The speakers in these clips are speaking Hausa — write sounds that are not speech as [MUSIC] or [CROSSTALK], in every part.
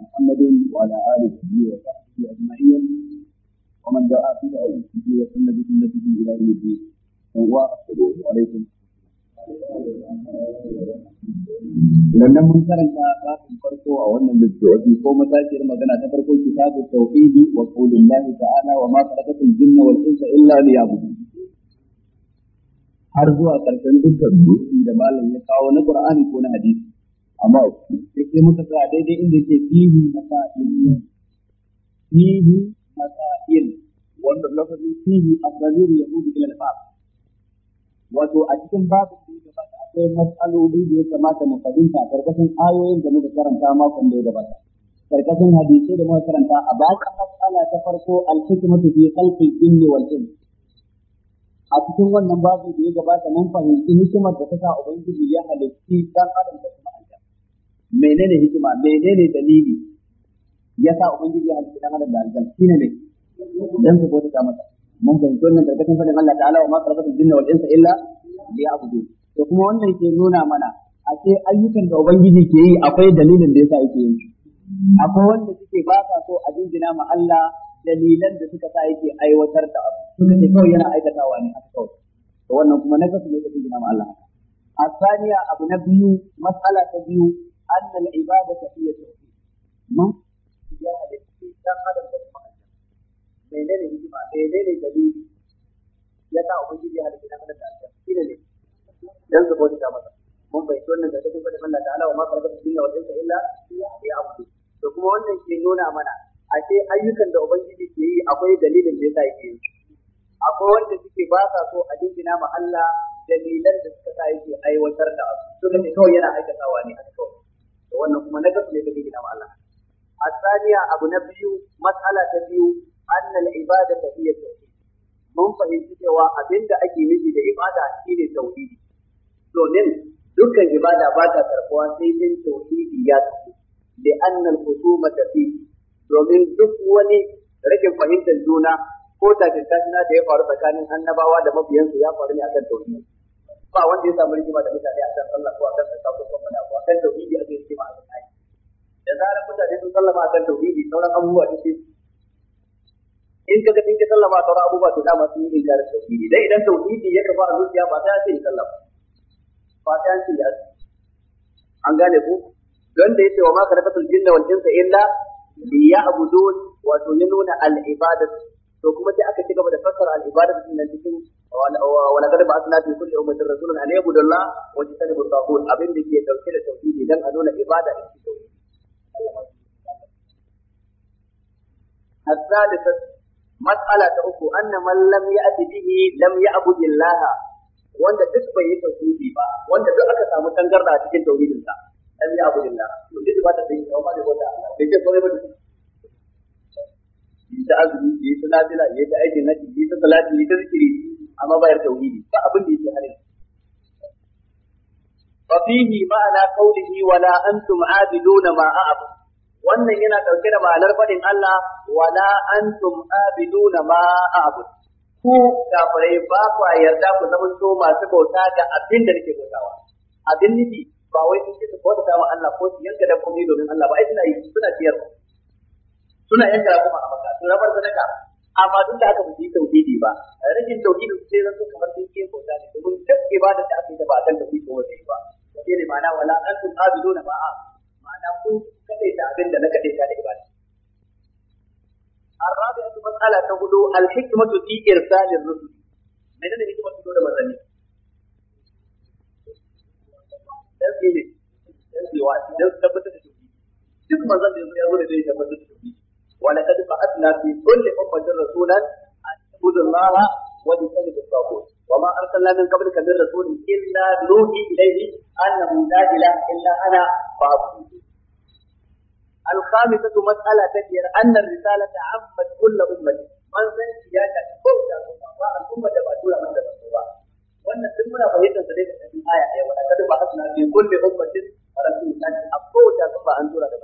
نبينا محمد وعلى آله وصحبه أجمعين ومن دعا بدعوته وسن بسنته إلى يوم الدين والسلام عليكم Sannan mun karanta kafin farko a wannan littafi ko matashiyar magana ta farko kitabu tauhidi wa qaulillahi ta'ala wa ma khalaqatul jinna wal insa illa liya'budun. Har zuwa karshen dukkan dutse da malam ya kawo na Qur'ani ko na hadisi. amma sai sai muka tsaya daidai inda yake fihi masail fihi masail wanda lafazin fihi asalir ya hudu ila al-bab wato a cikin babu da ya gabata akwai matsaloli da ya kamata mu fahimta karkashin ayoyin da muka karanta makon da ya gabata karkashin hadisai da muka karanta a baka matsala ta farko al-hikmatu fi khalqi jinni wal ins a cikin wannan babu da ya gabata mun fahimci hikimar da ta sa ubangiji ya halitti dan adam da menene hikima menene dalili yasa ubangiji ya halitta dan adam da aljan shine ne dan su bauta masa mun fahimci wannan karkashin fadin Allah ta'ala wa ma khalaqatul jinna wal insa illa liya'budun to kuma wannan ke nuna mana a ce ayyukan da ubangiji ke yi akwai dalilin da yasa yake yin su akwai wanda suke ba sa so a jinjina ma Allah dalilan da suka sa yake aiwatar da abu suka ce kawai yana aikatawa ne haka kawai to wannan kuma na kasu ne da jinjina ma Allah a saniya abu na biyu matsala ta biyu anna al-ibadata hiya tauhid ya halitta dan adam da kuma aljanna menene hikima menene dalili ya sa ubangiji ya halitta dan adam da aljanna shine ne dan su bauta masa mun bai wannan da cikin fadin Allah ta'ala wa ma khalaqatul jinna wal insa illa liya'budun to kuma wannan ke nuna mana ashe ayyukan da ubangiji ke yi akwai dalilin da yasa yake yi akwai wanda suke basa so a jingina ma Allah dalilan da suka sa yake aiwatar da abu to kawai yana aikatawa ne a kawai da wannan kuma na gasu ne ka jingina ma Allah الثانية أبو نبي مسألة تبيو أن العبادة هي التوحيد mun fahimci cewa abin da ake miji da ibada ne tauhidi domin dukkan ibada ba ta karbuwa sai din tauhidi ya tafi da annal husuma fi. domin duk wani rashin fahimtar juna ko tafiya da ya faru tsakanin annabawa da mabiyansu ya faru ne akan tauhidi ba wanda ya samu rigima da mutane a kan sallah ko a kan zakka ko kuma abu a kan tauhidi a rigima a kan ai da zarar mutane sun sallama a kan tauhidi sauran abubuwa da sai in ka ga in ka sallama sauran abubuwa to dama sun yi inkarin tauhidi dai idan tauhidi ya kafa a zuciya ba sai ce ya sallama ba sai ce ya an gane ku don da yace wa ma ka karakatul jinna wal insa illa liya'budun wato ya nuna al-ibadatu to kuma sai aka ci gaba da fassara al-ibadatu din nan cikin ولقد بعثنا في كل أمة رسولا أن يعبدوا الله واجتنبوا الطاغوت أبن دكي توكيل التوحيد دان أنون عبادة الثالثة مسألة أخو أن من لم يأتي به لم يعبد الله wanda duk bai yi tauhidi ba wanda duk aka samu tangarda a cikin tauhidin sa dan ya abu lillah to duk ba ta yi ba da wata Allah ya ce ba yi ta azumi yi ta nafila yi ta aikin yi ta yi ta zikiri amma bayar tauhidi ba abin da yake harin fa fihi ma'ana qawlihi wala antum abiduna ma a'budu wannan yana dauke da ma'anar fadin Allah wala antum abiduna ma a'budu ku kafirai ba ku yarda ku zama to masu bauta da abin da nake bautawa abin nufi ba wai sun ce su bauta ma Allah ko su yanka dabbobi domin Allah ba ai suna yi suna ciyar suna yanka kuma a maka su rabar sadaka amma duk da aka ba tauhidi ba rashin tauhidi sai zan so kamar sun ke bauta ne domin duk ibada da aka yi da ba kan tauhidi ko wata ba sai ne ma'ana wala an antum abiduna ma'a ma'ana kun kadaita abin da na kadaita da ibada الرابعة مسألة تقول الحكمة في إرسال الرسل من الحكمة تقول مثلا dan ne dan ne wa dan tabbata da duk manzon da yazo ya zo da dai tabbata da ولقد بعثنا في كل أمة رسولا أن اعبدوا الله واجتنبوا الطاغوت وما أرسلنا من قبلك من رسول إلا نوحي إليه أنه لا إله إلا أنا فاعبدون الخامسة مسألة تجير أن الرسالة عمت كل أمة من san siyasa ta bauta ba al'umma da ba tura mata da ba wannan duk fahimtar da daga cikin aya ɗaya wanda kada ba hasana a bauta ba an tura da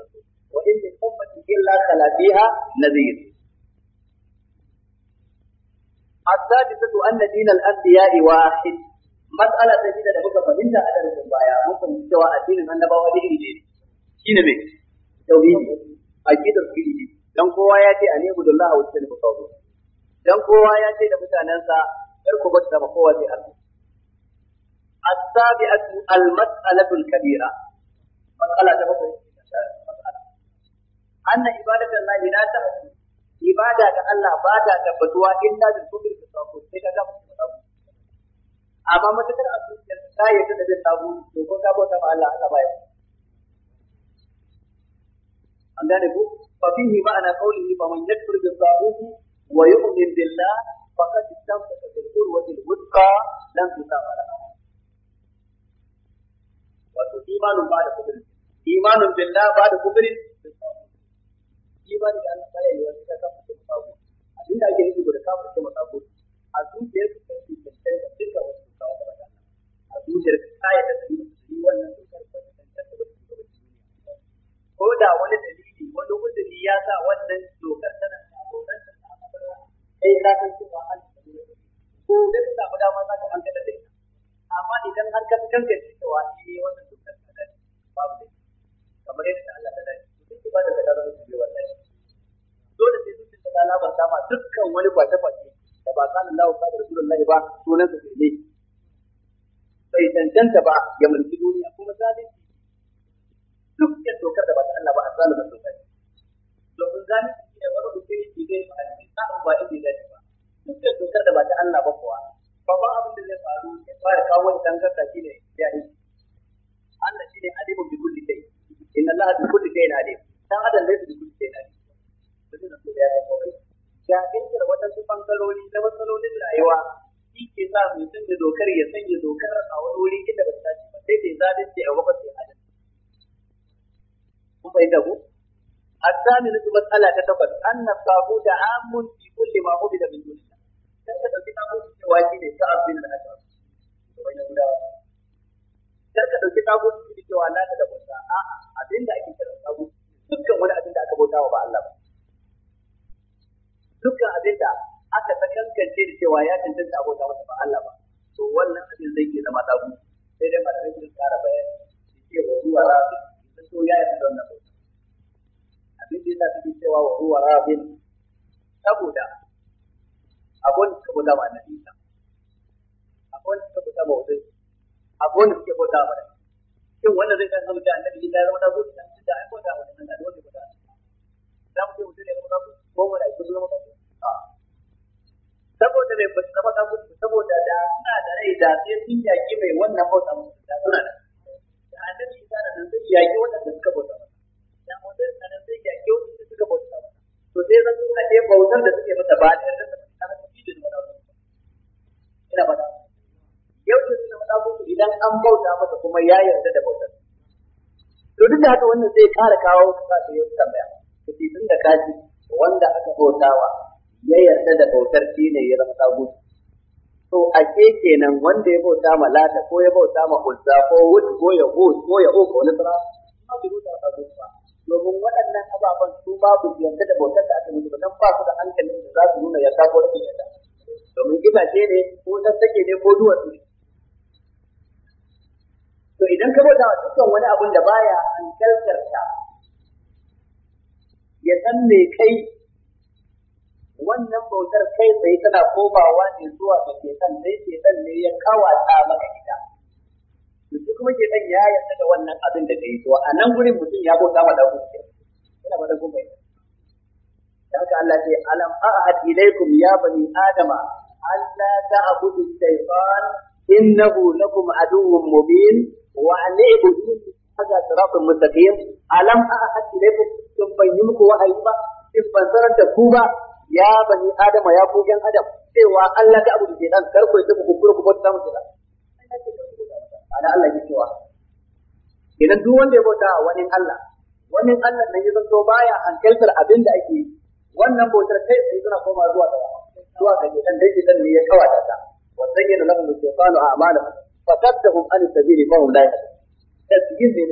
wa in min ummatin illa khala fiha السادسة أن دين الأنبياء واحد مسألة جديدة da muka fahimta a baya mun cewa addinin annabawa da iri ne shine me tauhidi aqidar iri ne dan kowa ya ce ani budullah wa sallu qawlu dan kowa ya ce da mutanansa kar ku kabira ta anna ibadatan la ila ta ibada ga Allah ba ta tabbatuwa illa bil kufri ta tawhid sai ka ga amma mutakar matakar a zuciyar ta yadda da bin tabu to ko ka bauta ma Allah Allah baya an gane ko fa fihi ma'ana qawlihi fa man yakfur bil taghut wa yu'min billah faqad istamsaka bil urwati al wuthqa lam tusaba laha wato imanun ba da kufrin imanun billah ba da kufrin imani da Allah baya yi wani ta kafin ce masa abinda ake nufi guda kafin ce masa a zuciyar ka ta ce ta dukkan wasu kawo da Allah a zuciyar ka kai da su wannan dokar ba ta tantar da su ba ko da wani dalili wani uzuri ya sa wannan dokar tana da wannan ta kai ka san cewa an ko da ka samu dama za ka hankala da ita amma idan har ka kanka cewa eh wannan dokar ta dace babu kamar yadda Allah ta dace ibadar ka ta zama shirme wallahi dole sai zuciyar ka ta labarta ma dukkan wani kwace kwace da ba kana Allah ka da Rasulullahi ba sunan sa shirme bai tantanta ba ya mulki duniya kuma zalunci dukkan dokar da ba ta Allah ba a zalunta dokar domin zalunci ne wani mutum yake gani ba a cikin tsarin ba inda da dace Duk dukkan dokar da ba ta Allah ba kuwa babban abin da zai faru ya fara kawo wani tangarda shi ne ya yi Allah shi ne alimun bi kulli kai inna Allah bi kulli kai alim dan adam zai su gudu sai na da waɗansu bangalori na matsalolin rayuwa shi ke sa mai sanya dokar ya sanya dokar a wani wuri inda ba ta ba sai dai zalunci a wakar sai adam kun da ko الثامن مسألة تتبت أن الطاغوت عام في كل ما عبد من دون الله. كيف تأتي طاغوت واجب كعب بن الأشرف. Kar ka ɗauki tagut da cewa na da bauta a abin da ake kira dukkan wani abin da aka bauta wa ba Allah ba dukkan abin da aka sakankance da cewa ya tantance a bauta masa ba Allah ba to wannan abin zai ke zama tabu sai dai malamai sun kara bayani ke wa huwa rabin sun so ya yi don na bauta abin da yasa suke cewa wa huwa rabin saboda abun da bauta ma annabi Isa abun da bauta ma wani abun da suke bauta ma shin wannan zai kan samu da annabi Isa ya zama tabu da ai ko da wannan da dole ko da da mu ce mutum ne zama kafin ko mu ai kuzo zama kafin saboda mai ba su zama kafin saboda da suna da rai da sai sun yaki mai wannan bauta musu da suna da da annabi isa da nan sai yaki da suka bauta da mutum da nan sai yaki da suka bauta to sai zan suka ɗaya bautar da suke mata ba da rasa kana kuɗi da wani abu ina ba yau da suna wani idan an bauta masa kuma ya yarda da bautar to duk da haka wannan zai ƙara kawo wasu sashi yau tambaya fi tun da kaji wanda aka bautawa ya yarda da bautar shi ne ya rasa gudu to a ke kenan wanda ya bauta ma lata ko ya bauta ma uzza ko wud ko ya hud ko ya o ko nasara ba su bauta a tagut ba domin waɗannan ababen su babu yarda da bautar da aka mutu ba dan ba su da hankalin da za su nuna yarda ko rashin yarda domin itace ne ko take ne ko duwatsu ne to idan ka bauta dukkan wani abun da baya hankaltarta ya san me kai wannan bautar kai tsaye tana komawa ne zuwa ga ketan dai ketan ne ya ta maka ita to kuma ketan ya yarda da wannan abin da kai to a nan gurin mutum ya bauta ma dagu yana ma dagu dan ka Allah ce alam a'ad ilaikum ya bani adama alla ta'budu shaytan innahu lakum aduwwun mubin wa anni ibudu hada siratal mustaqim alam ahad ilaykum kin ban yi wahayi ba يا ban sanar da ku ba ya bani adama ya ku yan adam cewa Allah da abu da shedan kar ku بوتا ku kura ku الله mu shedan ana Allah ya cewa idan duk wanda baya abinda ake yi wannan bautar kai sai suna koma zuwa da zuwa ga shedan dai dan ne ya kawata ta wa zayyana lahum a amana fatattahum an sabili fa hum la yahtadun tasbihin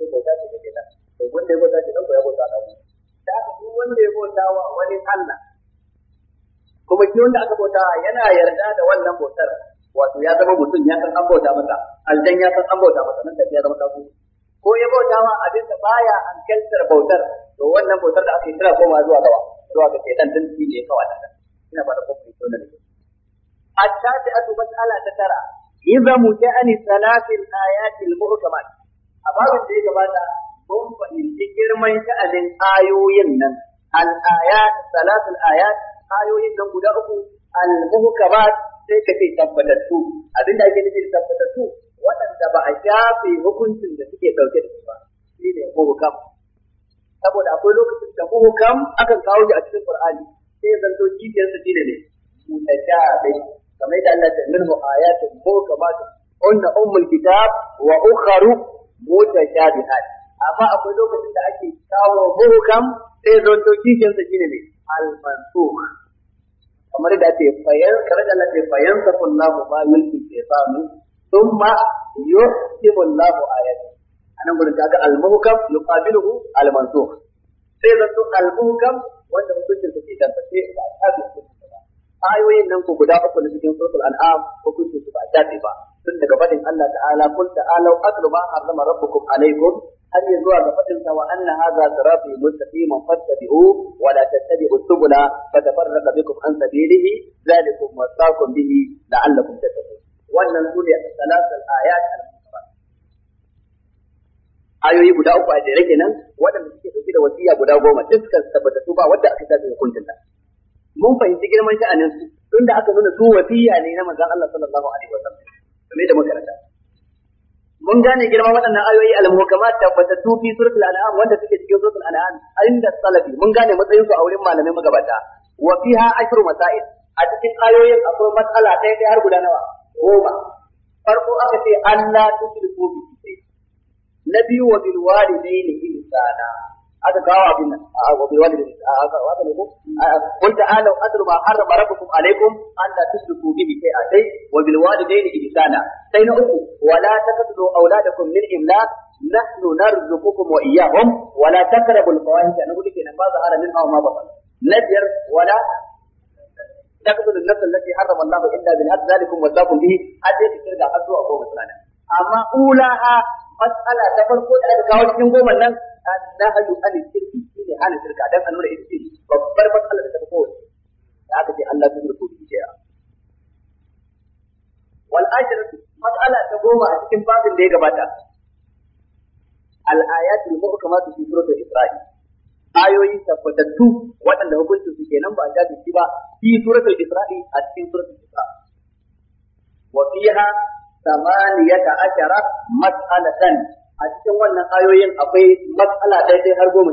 bauta ce bauta ce bauta da ku da haka duk bauta wa wani Allah kuma aka bauta yana yarda da wannan bautar wato ya zama mutum ya san an bauta masa aljan ya san an bauta masa nan da ya zama kafu ko ya bauta ma abin da baya an kaltar bautar to wannan bautar da aka yi tana koma zuwa gawa zuwa ga shaitan din shi ne kawai da ina ba da kuma ito ne a ta ta mas'ala ta tara iza mu sha'ani salafin ayatil muhkamat a babin da ya gabata mun fahimci girman sha'anin ayoyin nan al-ayat salatul ayat ayoyin nan guda uku al-muhkamat sai ka ce tabbatattu abinda ake nufi tabbatattu waɗanda ba shafe hukuncin da suke ɗauke da su ba shi ne muhkam saboda akwai lokacin da muhkam akan kawo shi a cikin qur'ani sai zanto kifiyarsa shine ne mutashabih kamar yadda Allah ta minhu ayatun muhkamatun unna ummul kitab wa ukharu mutashabihat amma akwai lokacin da ake kawo muhkam sai zo to kishin sa shine ne al mansukh kamar da ta fayan kamar da Allah ta fayan safallahu ma yulki shaytanu thumma yuhkimu Allah ayatun anan gurin kaga al muhkam yuqabiluhu al mansukh sai zo al muhkam wanda hukuncin sa ke dan ba sai ba ta ayoyin nan ko guda uku na cikin suratul an'am hukunci su ba a dace ba tun daga fadin Allah ta'ala kul ta'ala atlu ma harrama rabbukum alaykum har ya zuwa ga fadin sa wa anna hadha sirati mustaqiman fattabi'u wa la tattabi'u subula fatafarraqa bikum an sabilihi dhalikum wasaqum bihi la'allakum tattaqun wannan sune salatul ayat ayoyi guda uku a jere kenan waɗanda suke dauke da wasiya guda goma dukkan tabbata su ba wanda aka tafi hukuncin ta mun fahimci girman sha'anin su tunda aka nuna su wasiya ne na manzon Allah sallallahu alaihi wasallam kamar da muka rada. mun gane girma waɗannan ayoyi al-muhkamat tabbatattu fi suratul an'am wanda suke cikin suratul an'am inda salafi mun gane matsayin su a wurin malamai magabata wa fiha ashru masail a cikin ayoyin akwai matsala ɗaya ɗaya har guda nawa goma farko aka ce Allah tushriku bi na biyu wa bil walidaini ihsana aka kawo abin nan a gobe wani da aka waka ne ko qul ta'ala atlu ma harrama rabbukum alaykum an la bihi wa bil ihsana sai na uku wala taqtulu auladakum min imlaq nahnu narzuqukum wa iyyahum wala taqrabul fawahisha na ba min ma ba na biyar wala Matsala ta farko da aka kawo cikin goma nan annahyu anil shirki shine hana shirka dan an nuna ita ce babbar mas'ala da ta farko da aka ce Allah zai rubuta shi ya wal ashiratu matsala ta goma a cikin babin da ya gabata al ayatul muhkamatu fi suratul isra'i ayoyi tabbatattu waɗanda hukuncin su kenan ba a shafi shi ba fi suratul isra'i a cikin suratul isra wa fiha samaniyata ashara mas'alatan a cikin wannan ayoyin akwai mas'ala ɗaya sai har goma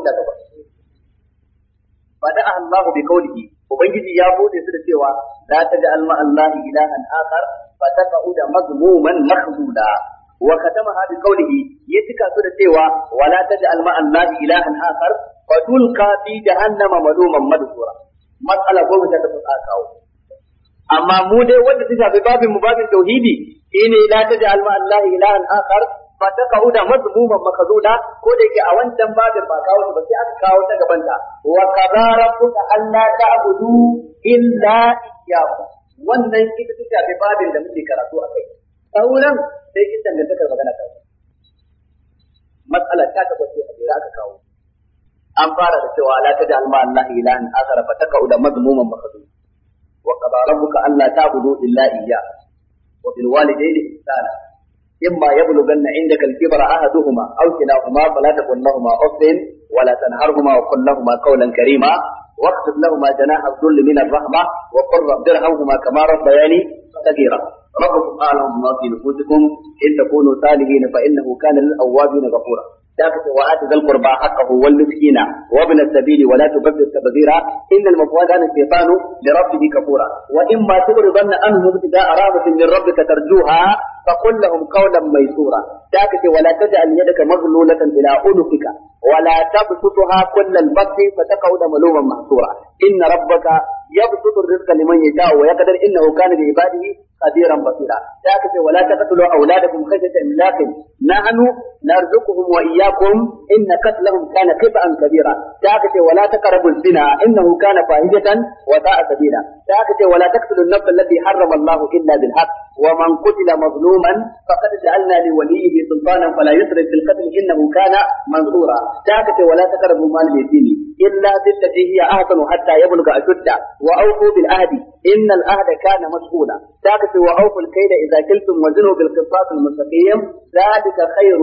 ubangiji ya bude su da cewa ta taj'al ma Allah ilahan akhar fa da mazmuman makhzula wa katamaha bi qawlihi ya tika su da cewa wala taj'al ma Allah fa fi jahannama madhura mas'ala ta amma mu dai wanda ta shafi babin mu babin tauhidi shine la da ma Allah ilahan akhar fa taqauda madmuman makazuda ko da yake a wancan babin ba kawo ba sai aka kawo ta gaban ta wa qadara rabbuka alla ta'budu illa iyyahu wannan ita ta shafi babin da muke karatu a kai sauran sai in dangantakar magana ta Matsalar ta takwas sai a jira aka kawo an fara da cewa la taj'al ma Allah ilahan akhar fa da madmuman makazuda وقضى ربك ألا تعبدوا إلا إياه وبالوالدين إحسانا إما يبلغن عندك الكبر أحدهما أو كلاهما فلا تقل لهما أف ولا تنهرهما وقل لهما قولا كريما واخفض لهما جناح الذل من الرحمة وقل رب ارحمهما كما ربياني صغيرا ربكم أعلم ما في نفوسكم إن تكونوا صالحين فإنه كان للأوابين غفورا ta fito wa ati zal qurba haqqahu wal miskina wa ibn as-sabili wa la tubaddil tabdhira innal mafwada an shaytanu bi rabbihi kafura wa in ma tughribanna anhum ida aramatin min rabbika tarjuha fa qul lahum qawlan maysura ta fito wa la taj'al yadaka maghlulatan ila unufika wa la tabsutha kullal bathi fa taqawda maluman mahsura inna rabbaka yabsutu ar-rizqa liman yasha wa yaqdir innahu kana bi ibadihi خبيرا بصيرا ذاك ولا تقتلوا أولادكم خشية إملاق نحن نرزقهم وإياكم إن قتلهم كان خطأ كبيرا ذاك ولا تقربوا الزنا إنه كان فاحشة وساء سبيلا ذاك ولا تقتلوا النفس التي حرم الله إلا بالحق ومن قتل مظلوما فقد جعلنا لوليه سلطانا فلا يسرف في القتل إنه كان منصورا ذاك ولا تقربوا مال اليتيم إلا بالتي هي أحسن حتى يبلغ أشده وأوفوا بالعهد إن العهد كان مسؤولا ذاك الحارث وأوفوا الْكَيْلَ إذا كلتم وزنوا بالقصاص المستقيم ذلك خير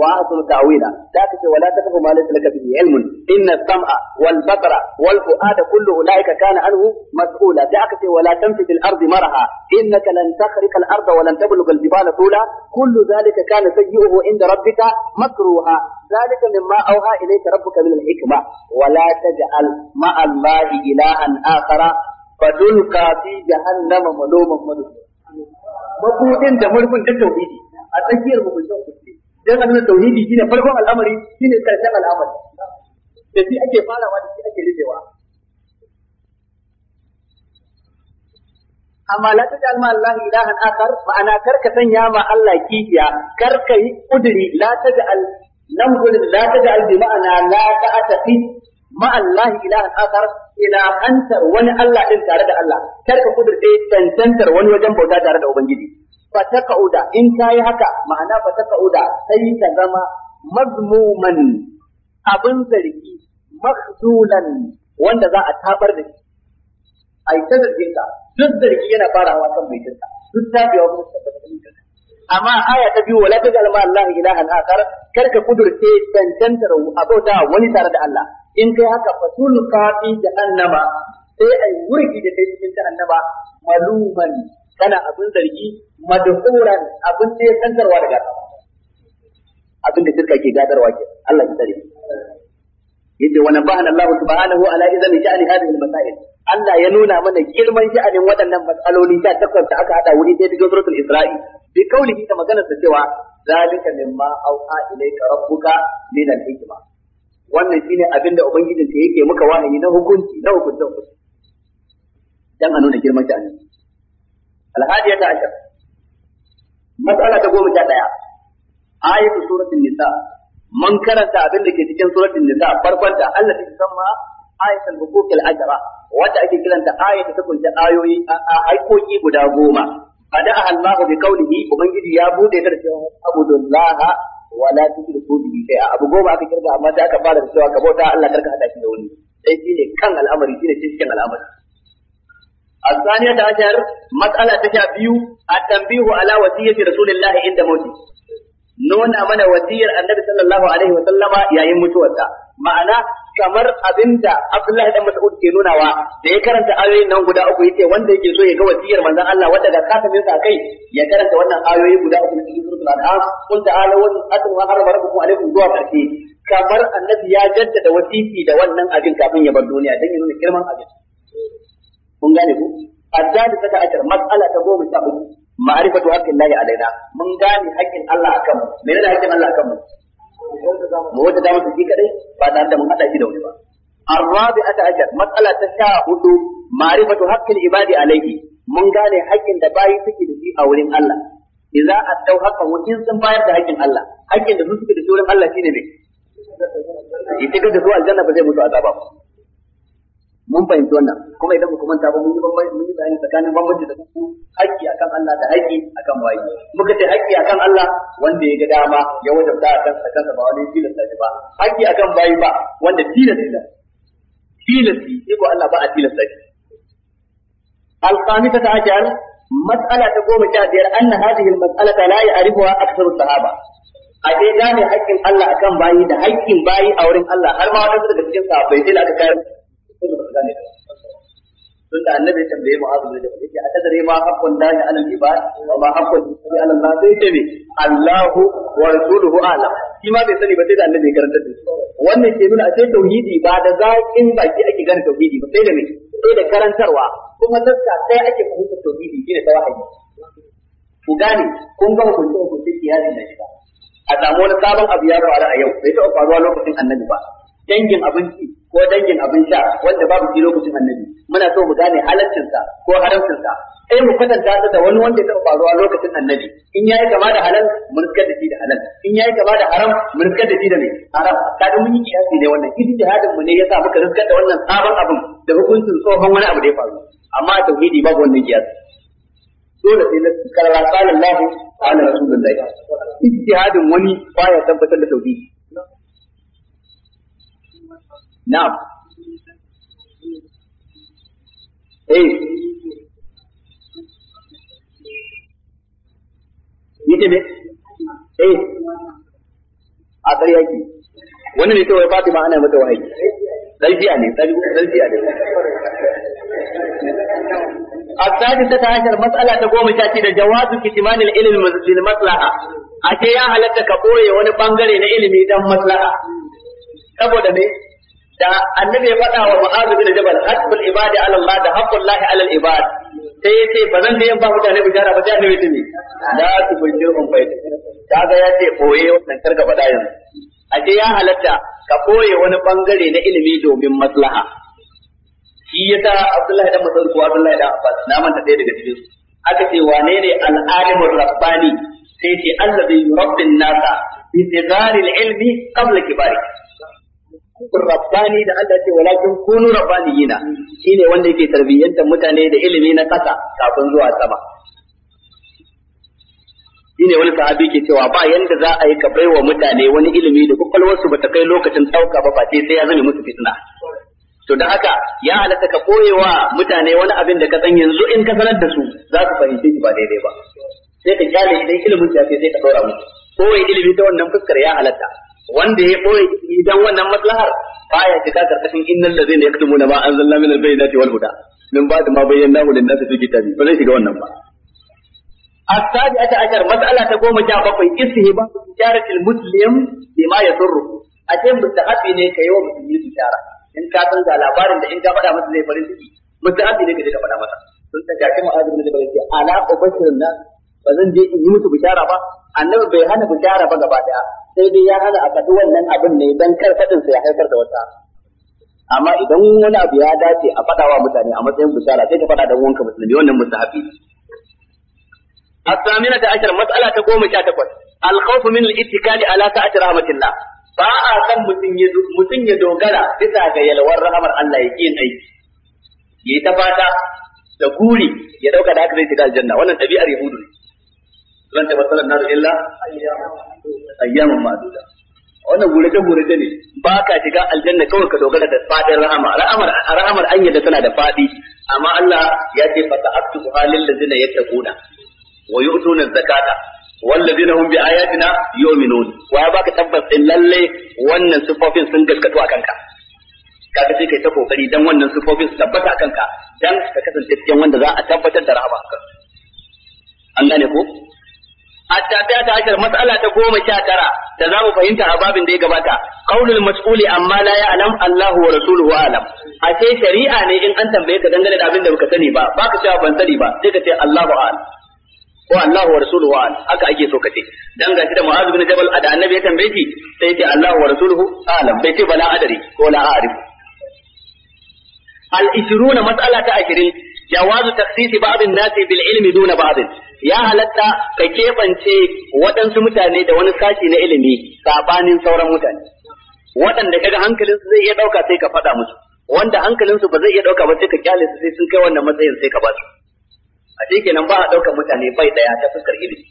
وأحسن تعويلا ذلك ولا تقف ما ليس لك به علم إن السمع والبصر والفؤاد كل أولئك كان عنه مسؤولا ذلك ولا تمشي في الأرض مرها إنك لن تخرق الأرض ولن تبلغ الجبال طولا كل ذلك كان سيئه عند ربك مكروها ذلك مما أوحى إليك ربك من الحكمة ولا تجعل مع الله إلها آخر فتلقى في جهنم ملوما مدحورا mabudin da murfin da tauhidi a tsakiyar hukuncin kuce dan annabi tauhidi shine farkon al'amari shine karshen al'amari da shi ake farawa da shi ake rufewa amma la ta jalma Allah ilahan akar ma'ana karka sanya ma Allah kifiya karka yi kudiri la ta ja'al nan gudun la ta ja'al bi ma'ana la ta atafi ma Allah ilahan akar ilahantar wani Allah din tare da Allah kar ka kudurce tantantar wani wajen bauta tare da ubangiji fa ka'uda, in kai haka ma'ana fa ka'uda sai ka zama mazmuman abin zargi makhzulan wanda za a tabar da shi A yi ta zargin ka duk zargi yana farawa kan mai shirka duk tabiwa kuma tabbata kan shirka amma aya ta biyu wala tajal ma Allah ilahan akar kar ka kudurce tantantar abota wani tare da Allah in kai haka kafi da annaba, sai ai wurgi da kai cikin annaba, maluman kana abin zargi madhuran abin da ya kantarwa daga abin da shirka ke gadarwa ke Allah ya tsare yace wa nabahana Allah subhanahu ala idan sha'ani hadhihi al-masail Allah ya nuna mana girman sha'anin waɗannan matsaloli ta takwas da aka hada wuri sai cikin suratul Isra'i bi kaulihi ta magana ta cewa zalika mimma au'a ilayka rabbuka min al-hikma wannan shine abin da ubangijin ta yake muka wahayi na hukunci na hukunta hukunci dan a nuna girman sha'ani alhadiya ta ashar matsala ta goma sha daya ayatu suratul nisa man karanta abin da ke cikin suratul nisa farkon ta Allah ta samma ayatul hukukil ajra wanda ake kiranta ayatu ta kunta ayoyi haikoki guda goma bada Allah bi qawlihi ubangiji ya bude ta da cewa abudullah wala tushriku bihi shay'a abu goma aka kirga amma sai aka fara da cewa ka bauta Allah karka hada shi da wani sai shine kan al'amari shine cikin al'amari الثانية عشر مسألة تشابيو التنبيه على وصية رسول الله عند موته nuna mana wasiyar annabi sallallahu alaihi wa sallama yayin mutuwarsa ma'ana kamar abinda Abdullahi dan Mas'ud ke nunawa da ya karanta ayoyin nan guda uku yace wanda yake so ya ga wasiyar manzon Allah wanda ga katamin sa kai ya karanta wannan ayoyi guda uku cikin suratul an'am qul ta'ala wa atu wa harama rabbukum alaikum zuwa karshe kamar annabi ya jaddada wasiki da wannan abin kafin ya bar duniya dan ya nuna girman abin kun gane ku addadi saka akar mas'ala ta goma sha uku ma'rifatu haqqillahi alaina mun gane haƙƙin Allah akan mu menene haƙƙin Allah akan mu mu wata da su shi kadai ba tare da mun hada shi da wani ba matsala ta sha hudu ma'rifatu haqqil ibadi alayhi mun gane haƙƙin da bayi suke da shi a wurin Allah idza addau haka wa in sun bayar da haƙƙin Allah haƙƙin da su suke da shi wurin Allah shine ne ita ga da su aljanna ba zai mutu azaba ba mun fahimci wannan kuma idan muka manta ba mun yi mun bayani tsakanin bambanci da kuku haƙƙi akan Allah da haƙƙi akan bayi. muka ce haƙƙi akan Allah wanda ya ga dama ya wajabta akan sa kansa ba wani tilasta shi ba haƙƙi akan bayi ba wanda tilasta tilasta shi ko Allah ba a ta tilasta ta الخامسة عشر مسألة تقوم شادير أن هذه المسألة لا يعرفها أكثر الصحابة أجي gane haƙƙin Allah akan bayi da haƙƙin bayi a wurin Allah har ma wani daga cikin sahabbai sai da aka kai zahiri tun da annabi ya tambaye mu azu da yake a kadare ma haqqun lahi ala al-ibad sai ce me Allahu wa rasuluhu a'lam shi bai sani ba sai da annabi ya karanta da wannan ke a ce tauhidi ba da zakin baki ake gane tauhidi ba sai da me sai da karantarwa kuma lafta sai ake fahimtar tauhidi shine ta wahayi ku gane kun ga na shiga a samu wani sabon abu ya faru a yau bai taɓa faruwa lokacin annabi ba dangin abinci ko dangin abin sha wanda babu shi lokacin annabi muna so mu gane halaccinsa ko haramcinsa sai mu kwatanta ta da wani wanda ya taɓa faruwa lokacin annabi in yayi kama da halal mun riskar da shi da halal in yayi kama da haram mun riskar da shi da mai haram kaga mun yi kiyasi ne wannan ijtihadin mu ne ya sa muka riskar da wannan sabon abin da hukuncin tsohon wani abu da ya faru amma a tauhidi babu wannan kiyasi dole sai na karara qala Allahu ala rasulillahi ijtihadin wani baya tabbatar da tauhidi na'am eh yace me eh a ƙarya ki wani ne kawai Fatima ana mata wahayi dalbiya ne dalbiya ne السادسة عشر مسألة تقوم شاكي جواز كتمان العلم للمصلحة أشياء هلتك قوي ونبنغري نعلمي دم مصلحة saboda me da annabi ya faɗa wa mu'azu bin jabal hakul ibadi ala Allah da hakul lahi ala al ibad sai yace bazan da yan ba mutane bishara ba sai annabi ce ne la tubshirhum bayt kaga ce boye wannan karga faɗa yanzu aje ya halatta ka koye wani bangare na ilimi domin maslaha shi yasa Abdullahi dan Mas'ud ko Abdullahi dan Abbas na manta ɗaya daga cikin su aka ce wane ne al rabbani sai ce allazi yurabbin nasa bi tidaril ilmi qabla kibari rabbani da Allah ce walakin kunu rabbaniyina shine wanda yake tarbiyyanta mutane da ilimi na kasa kafin zuwa sama shine wani sahabi ke cewa ba yanda za a yi ka baiwa mutane wani ilimi da kwakwalwarsu ba ta kai lokacin ɗauka ba face sai ya zame musu fitna to da haka ya halatta ka koyewa mutane wani abin da ka san yanzu in ka sanar da su za su fahimci shi ba daidai ba sai ka kyale idan ilimin ya sai ka ɗora musu Kowai ilimi ta wannan fuskar ya halatta wanda ya boye idan wannan maslahar baya shiga karkashin innal ladzina yaktumuna ma anzalna minal bayyinati wal huda min ba'd ma bayyanahu lin nasi fi kitabi ba zai shiga wannan ba السابعة عشر مسألة تقوم جاء بقي استهباء تجارة المسلم بما A ce, مستحبي ne ka yi wa musulmi tijara in ka san da labarin da in ka faɗa masa zai farin ciki mustahabi ne ka je ka faɗa masa sun ta gashi mu'azu bin jabal ce ala ubashir nas ba zan je in yi musu bishara ba annabi bai hana bishara ba gaba daya sai dai ya hana a faɗi wannan abin ne don kar faɗin sai ya haifar da wata amma idan wani abu ya dace a faɗa wa mutane a matsayin bishara sai ka faɗa da wanka musulmi wannan mustahabi الثامنة ta goma sha takwas. Alkhawfu min الاتكال على سعة رحمة الله ba a san mutum ya dogara bisa ga yalwar rahamar Allah ya yin aiki ya yi ta fata da guri ya dauka da aka zai shiga aljanna wannan ɗabi'ar yahudu ne lan tamassalan nar illa ayyaman ma'duda wannan gurace gurace ne ba ka shiga aljanna kawai ka dogara da fadin rahama rahamar rahamar an yadda tana da fadi amma Allah ya ce fa ta'aktu halil ladina yattaquna wa yu'tuna zakata والذين هم بآياتنا يؤمنون ويا baka tabbas din lalle wannan sifofin sun gaskatu akan ka kaga sai kai ta kokari dan wannan sifofin su tabbata akan ka dan ka kasance cikin wanda za a tabbatar da rahama an gane التاسعة عشر مسألة تقوم شاترة تزام فهمتها باب دي قباتا قول المسؤول أما لا يعلم الله ورسوله أعلم أشي شريعة إن أنت بيك دنجل أبين دبك سنبا باك شاب سنبا ديك الله أعلم wa Allahu wa rasuluhu wa haka ake so kace dan gashi da Mu'adh bin Jabal da annabi ya tambaye shi sai ce Allahu wa rasuluhu alam bai ce bala adari ko la arif al 20 mas'ala ta jawazu takhsisi ba'dhin nasi bil ilmi duna ba'dhin ya halatta ka kebance waɗansu mutane da wani sashi na ilimi sabanin sauran mutane waɗanda kaga hankalin su zai iya dauka sai ka faɗa musu wanda hankalin su ba zai iya dauka ba sai ka kyale su sai sun kai wannan matsayin sai ka ba su a kenan ba a dauka mutane bai daya ta fuskar ilimi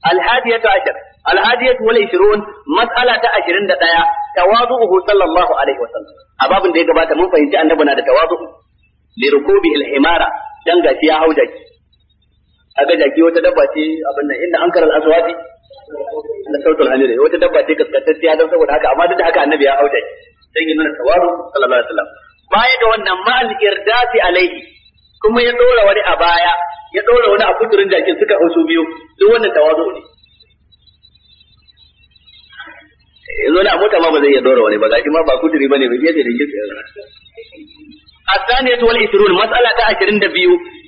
الحادية عشر الحادية والعشرون مسألة عشرين دقيقة tawadu'uhu sallallahu alaihi wasallam a babin da ya gabata mun fahimci annabi na da tawadu'u li rukubi al-himara dan gashi ya hau jaki aga jaki wata dabba ce abin nan inda ankara al aswadi da sautul hamiri wata dabba ce ya dan saboda haka amma duk da haka annabi ya hau jaki dan yin nuna tawadu sallallahu alaihi wasallam baya ga wannan ma'al irdati alaihi kuma ya dora wani a baya ya dora wani a kudurin jakin suka hau su biyu duk wannan tawadu ne yanzu na mota ma ba zai iya dora wani ba gashi ma ba kudiri bane ba gefe da gefe الثانية والعشرون مسألة عشرين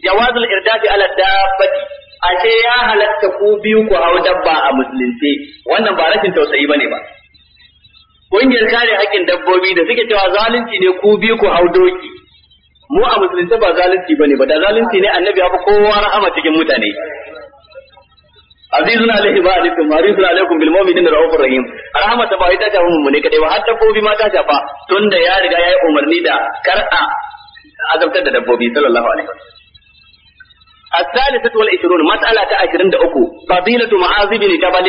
jawazul جواز ala dabbati a ashe ya halatta ku biyu ku hau dabba a musulunci wannan ba rashin tausayi bane ba kungiyar kare haƙƙin dabbobi da suke cewa zalunci ne ku biyu ku hau doki mu a musulunci ba zalunci bane ba da zalunci ne annabi ya fi kowa rahama cikin mutane azizun alaihi ba alaikum marisun alaikum bil mu'minin raufur rahim rahama ta ba ita ta mu ne kadai ba har dabbobi ma ta shafa tunda ya riga yi umarni da kar'a azabtar da dabbobi sallallahu alaihi wasallam الثالثة والعشرون مسألة عشرين أكو فضيلة معاذ بن جبل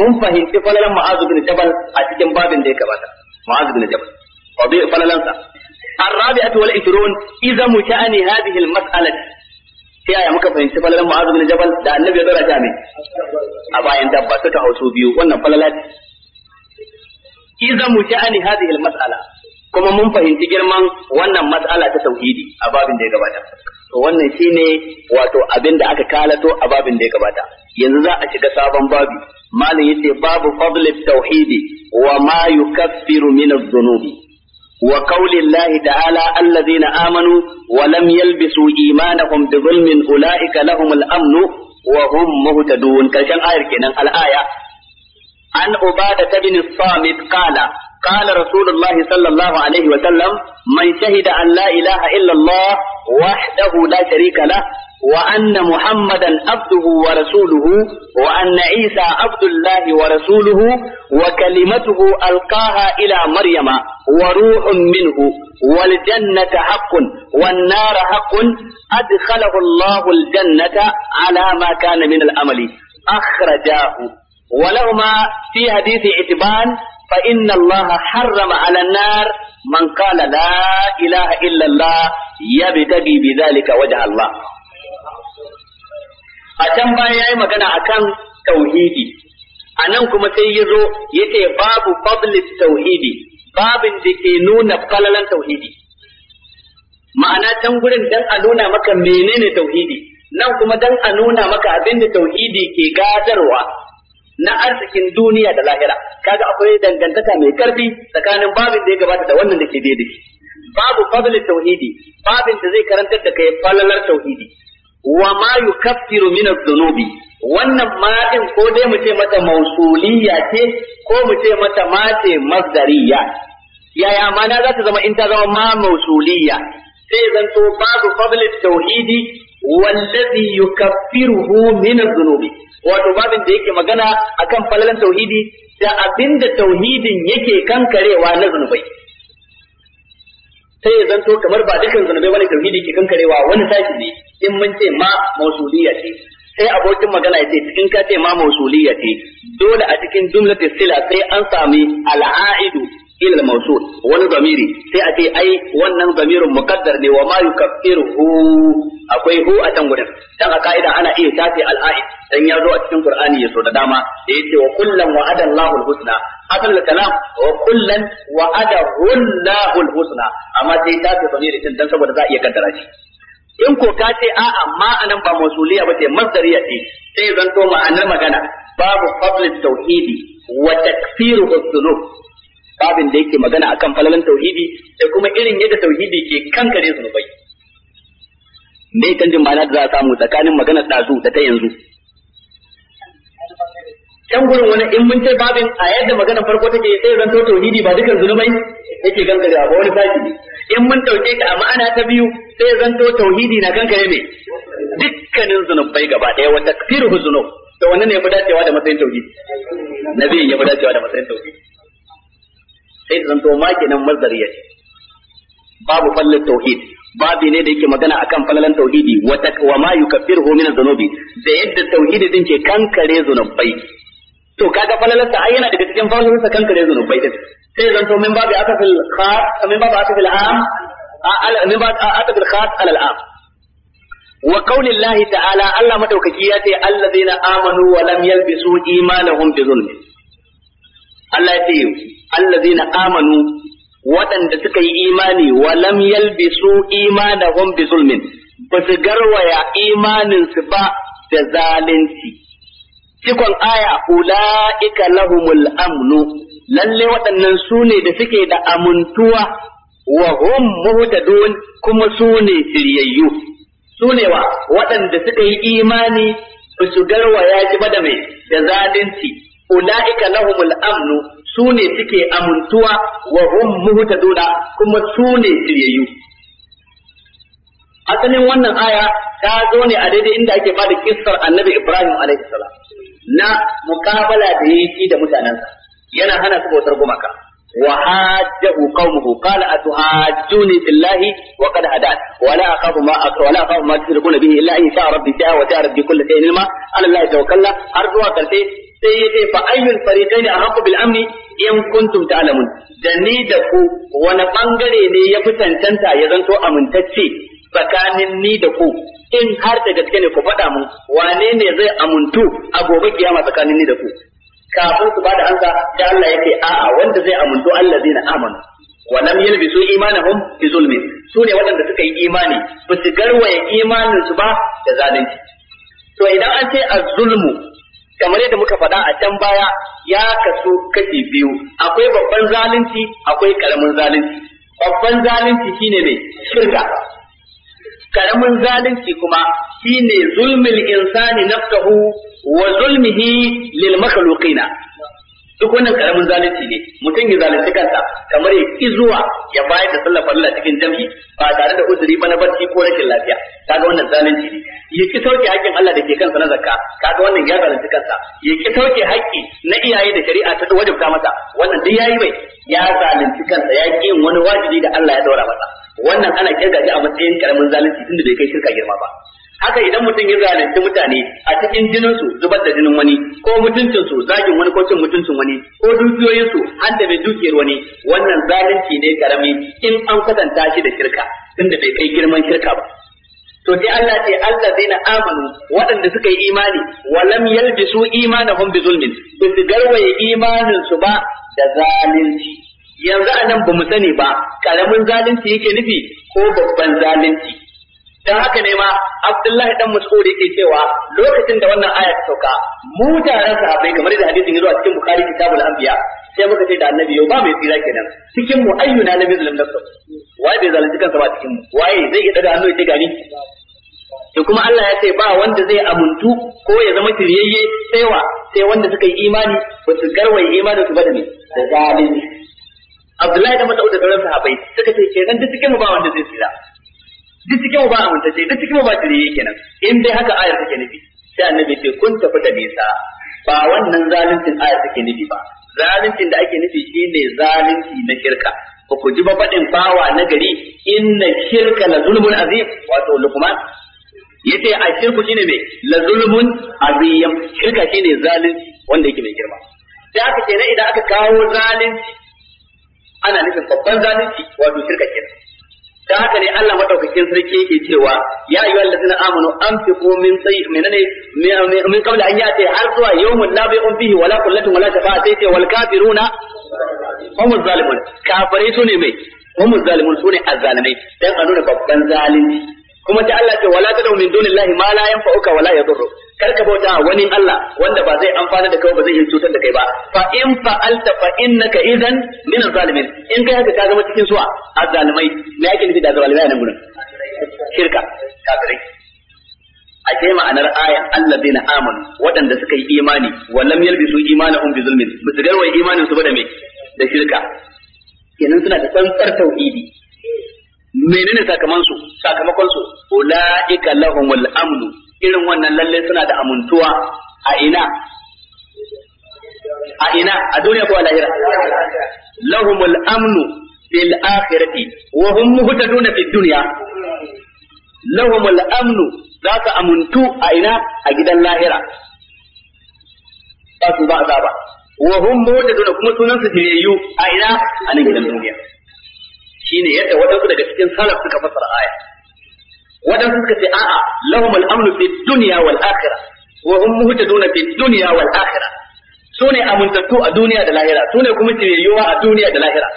من فهم فللا معاذ بن جبل أتجن باب ديك باتا معاذ بن جبل فضيلة فللا الرابعة والعشرون إذا مشأن هذه المسألة Sai ya muka fahimci falalan ma'azu bin jabal da annabi ya zara mai a bayan dabba ta hausu biyu wannan falala ce izamu ani hadhihi al-mas'ala kuma mun fahimci girman wannan mas'ala ta tauhidi a babin da ya gabata to wannan shine wato abin da aka kalato a babin da ya gabata yanzu za a shiga sabon babi malam yace babu fadl tauhidi wa ma yukaffiru min adh-dhunubi wa qaulillahi ta'ala allazina amanu wa lam yalbisu imanahum bi zulmin ulaika lahumul amnu wa hum muhtadun karshen ayar kenan al-aya an ubada bin samit qala قال رسول الله صلى الله عليه وسلم من شهد أن لا إله إلا الله وحده لا شريك له وأن محمدا عبده ورسوله وأن عيسى عبد الله ورسوله وكلمته ألقاها إلى مريم وروح منه والجنة حق والنار حق أدخله الله الجنة على ما كان من الأمل أخرجاه ولهما في حديث عتبان فإن الله حرم على النار من قال لا إله إلا الله يبتغي بذلك وجه الله a can baya ya yi magana akan tauhidi a nan kuma sai ya zo ya ce babu fadlis tauhidi babin da ke nuna falalan tauhidi ma'ana can gurin dan a nuna maka menene tauhidi nan kuma dan a nuna maka abin da tauhidi ke gadarwa na arzikin duniya da lahira kaga akwai dangantaka mai karfi tsakanin babin da ya gabata da wannan da ke daidai babu fadlis tauhidi babin da zai karantar da kai falalar tauhidi wa ma yukaffiru min adh-dhunubi wannan ma din ko dai mu ce mata mausuliyya ce ko mu ce mata ma ce masdariyya yaya na za ta zama in ta zama ma mausuliyya sai zanto babu fadlit tauhidi wallazi yukaffiruhu min adh-dhunubi wato babin da yake magana akan falalan tauhidi da abinda tauhidin yake kankarewa na zunubai sai zanto kamar ba dukkan zunubai bane tauhidi ke kankarewa wani sashi ne in mun ce ma mausuliya ce sai abokin magana ya ce in ka ce ma mausuliya ce dole a cikin jumlatul sila sai an sami al'aidu ila mausul wani zamiri sai a ce ai wannan zamirin muqaddar ne wa ma yukaffiruhu akwai hu a can gudun. dan a ka'ida ana iya tafi al'aid dan ya zo a cikin qur'ani ya so da dama da yace wa kullan wa'ada Allahu al-husna asal kalam wa kullan wa'ada Allahu husna amma sai tafi zamiri din dan saboda za a iya kaddara shi in ko ka ce a'a ma'anan ba masuliya ba ce masdariya ce sai zanto ma'anar magana babu fadlin tauhidi wa takfiru dhunub babin da yake magana akan falalan tauhidi da kuma irin yadda tauhidi ke kankare zunubai me kan jin ma'ana da za a samu tsakanin maganar dazu da ta yanzu can gurin wani in mun ce babin a yadda magana farko take sai zan to tauhidi ba dukan zunubai yake gangare ba wani saki in mun dauke ta a ma'ana ta biyu sai zan to tauhidi na gangare ne dukkanin zunubai gaba daya wa takfiruhu zunub to wannan ne ya fi dacewa da matsayin tauhidi nabi ya fi dacewa da matsayin tauhidi sai zan to ma kenan mazariya ce babu fallin tauhid babi ne da yake magana akan fallalan tauhidi wa ma yukaffiruhu min zunubi da yadda tauhidi din ke kankare zunubai to kaga falalarsa ai yana daga cikin falalarsa kanka ne zunubai din sai zan to min babu akafil khas min babu akafil am min babu akafil khas alal am wa qawli Allah ta'ala Allah madaukaki ya ce allazina amanu wa lam yalbisu imanahum bi zulmi Allah ya ce allazina amanu waɗanda suka yi imani wa lam yalbisu imanahum bi zulmin ba su garwaya imaninsu ba da zalunci cikon aya ula'ika lahumul amnu lalle waɗannan su ne da suke da amintuwa wa hum muhtadun kuma su ne shiryayyu su ne wa waɗanda suka yi imani ba su ya ji ba da mai da zalunci ula'ika lahumul amnu su ne suke amintuwa wa hum muhtadun kuma su ne shiryayyu asalin wannan aya ta zo ne a daidai inda ake bada kissar annabi Ibrahim alaihi salam na muqabala da yake da mutanansa yana hana su bautar gumaka wa hajjahu qaumuhu qala atuhajjuni billahi wa qad hadan wa la akhafu ma akra wa la akhafu ma tushrikuna bihi illa in sha'a rabbi sha'a wa sha'a rabbi kullu shay'in ilma ala allahi tawakkalna har zuwa karshe sai yace fa ayyul fariqaini ahqqu bil amni in kuntum ta'lamun da ni da ku wani bangare ne ya fi tantanta ya zanto amintacce tsakanin ni da ku in har da gaske ne ku faɗa mun wane ne zai amuntu a gobe kiyama tsakanin ni da ku kafin ku bada ansa da Allah yake a'a wanda zai amuntu allazina amanu wa lam yalbisu imanahum bi zulmin su ne waɗanda suka yi imani ba su garwaye imanin su ba da zalunci to idan an ce a zulmu kamar yadda muka faɗa a can baya ya kasu kashi biyu akwai babban zalunci akwai karamin zalunci babban zalunci shine ne shirka karamin zalunci kuma shine zulmin insani nafsahu wa zulmihi lil makhluqina duk wannan karamin zalunci ne mutum ya zalunci kansa kamar ya ki zuwa ya bayar da sallah farilla cikin jami'i ba tare da uzuri ba na barci ko rashin lafiya kaga wannan zalunci ne ya ki sauke haƙƙin Allah da ke kansa na zakka kaga wannan ya zalunci kansa ya ki sauke haƙƙi na iyaye da shari'a ta wajabta masa wannan duk yayi bai ya zalunci kansa ya ki yin wani wajibi da Allah ya daura masa wannan ana kirga shi a matsayin karamin zalunci da bai kai shirka girma ba haka idan mutum ya zalunci mutane a cikin jininsu zubar da jinin wani ko mutuncinsu zagin wani ko cin mutuncin wani ko dukiyoyinsu hanta mai dukiyar wani wannan zalunci ne karami in an kwatanta shi da shirka tunda bai kai girman shirka ba to sai Allah ce Allah zai na amanu waɗanda suka yi imani walam yalbisu imanahum bi zulmin su garwaye imaninsu ba da zalunci yanzu a nan ba mu sani ba karamin zalunci yake nufi ko babban zalunci dan haka ne ma Abdullahi dan Mas'ud yake cewa lokacin da wannan aya ta sauka mu taron sahabbai kamar da hadisin yazo a cikin Bukhari kitabul anbiya sai muka ce da annabi yau ba mai tsira kenan cikin mu ayyuna nabi zalim nafsa waye bai zalunci kansa ba cikin mu waye zai iya daga hannu ya ce gani to kuma Allah ya ce ba wanda zai amuntu ko ya zama tiriyayye sai wa sai wanda suka yi imani ba su garwaye imanin su ba da me da zalimi Abdullahi da Mas'ud da sauran sahabbai suka ce kenan duk cikin mu ba wanda zai tsira duk cikin mu ba ce, duk cikin mu ba tsiriye kenan in dai haka ayar take nufi sai annabi ce kun tafi da nisa ba wannan zaluncin ayar take nufi ba zaluncin da ake nufi shine zalunci na shirka ba ku ji ba fadin bawa na gari inna shirka la zulmun azim wato luqman yace a shirku shine me la zulmun azim shirka shine zalunci wanda yake mai girma da aka kenan idan aka kawo zalunci ana nufin babban zalunci wato shirka kenan da haka ne Allah madaukakin sarki yake cewa ya ayu allazina amanu anfiqu min sayyi menene min qabla an yati har zuwa yawmul la bai'un fihi wala qullatun wala shafa'a sai ce wal kafiruna hum zalimun kafirai sune mai hum zalimun ne azzalimai dan a nuna babban zalunci kuma ta Allah ce wala tadu min dunillahi ma la yanfa'uka wala yadurruka Karka ka bauta wani Allah wanda ba zai amfana da kai ba zai cutar da kai ba fa in fa'alta fa innaka idan min zalimin in kai haka ka zama cikin suwa azzalimai me yake nufi da azzalimai a nan gurin shirka kafirai a ce ma'anar aya allazina amanu waɗanda suka yi imani wa wallam yalbisu imanahum bi zulmin musu garwaye imanin su ba da me da shirka kenan suna da tsantsar tauhidi menene sakamansu sakamakon su ulaika lahumul amnu irin wannan lalle suna da amintuwa a ina a ina a duniya ko a lahira lahumul amnu fil akhirati wa hum muhtaduna fid dunya lahumul amnu za ka amuntu a ina a gidan lahira ba su ba azaba wa hum muhtaduna kuma sunan su shiryayyu a ina a gidan duniya shine yadda wadansu daga cikin salaf suka fassara aya waɗansu suka ce a'a lahum al-amnu fi dunya wal akhirah wa hum muhtaduna fi dunya wal akhirah su ne amintattu a duniya da lahira su ne kuma tiyayyuwa a duniya da lahira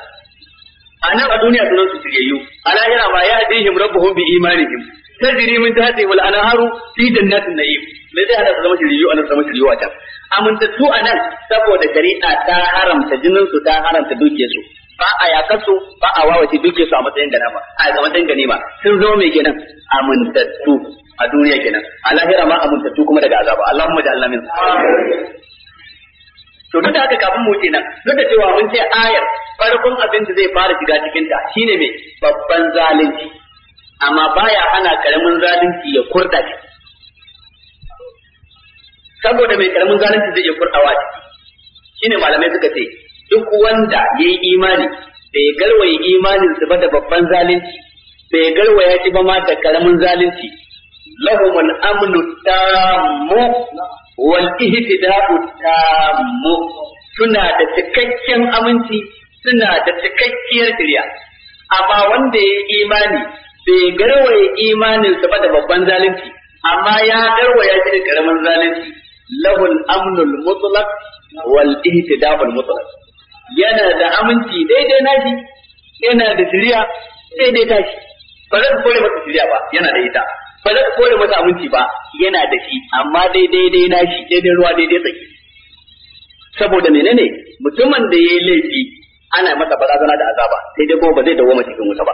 a nan a duniya sunan su tiyayyu a lahira ma ya hadihim rabbuhum bi imanihim tajri min tahtihim al-anharu fi jannatin na'im me zai hada su zama shiriyu a nan zama shiriyu a can amintattu a nan saboda shari'a ta haramta jinin su ta haramta dukiyar su ba a yakar su ba a wawace duke su a matsayin ganima a matsayin ganima sun zo mai kenan amintattu a duniya kenan a lahira ma amintattu kuma daga azaba Allahumma ja'alna min to duk da haka kafin mu nan, duk da cewa mun ce ayar farkon abin da zai fara shiga cikin ta shine mai babban zalunci amma baya ana karamin zalunci ya kurda saboda mai karamin zalunci zai iya kurdawa shine malamai suka ce duk wanda ya yi imani bai garwaye su ba da babban zalunci bai garwaya shi ba ma da karamin zalunci lahum al-amnu tammu wal ihtida'u tammu suna da cikakken aminci suna da cikakkiyar kiriya amma wanda ya yi imani bai garwaye sa ba da babban zalunci amma ya garwaya shi da karamin zalunci lahul amnul mutlaq wal ihtida'ul mutlaq yana da aminci daidai nashi yana da shiriya daidai tashi ba za ka kore masa shiriya ba yana da ita ba za ka kore masa aminci ba yana da shi amma daidai dai nashi daidai ruwa daidai tsaki saboda menene mutumin da ya yi laifi ana masa barazana da azaba sai dai kuma ba zai dawo cikin wuta ba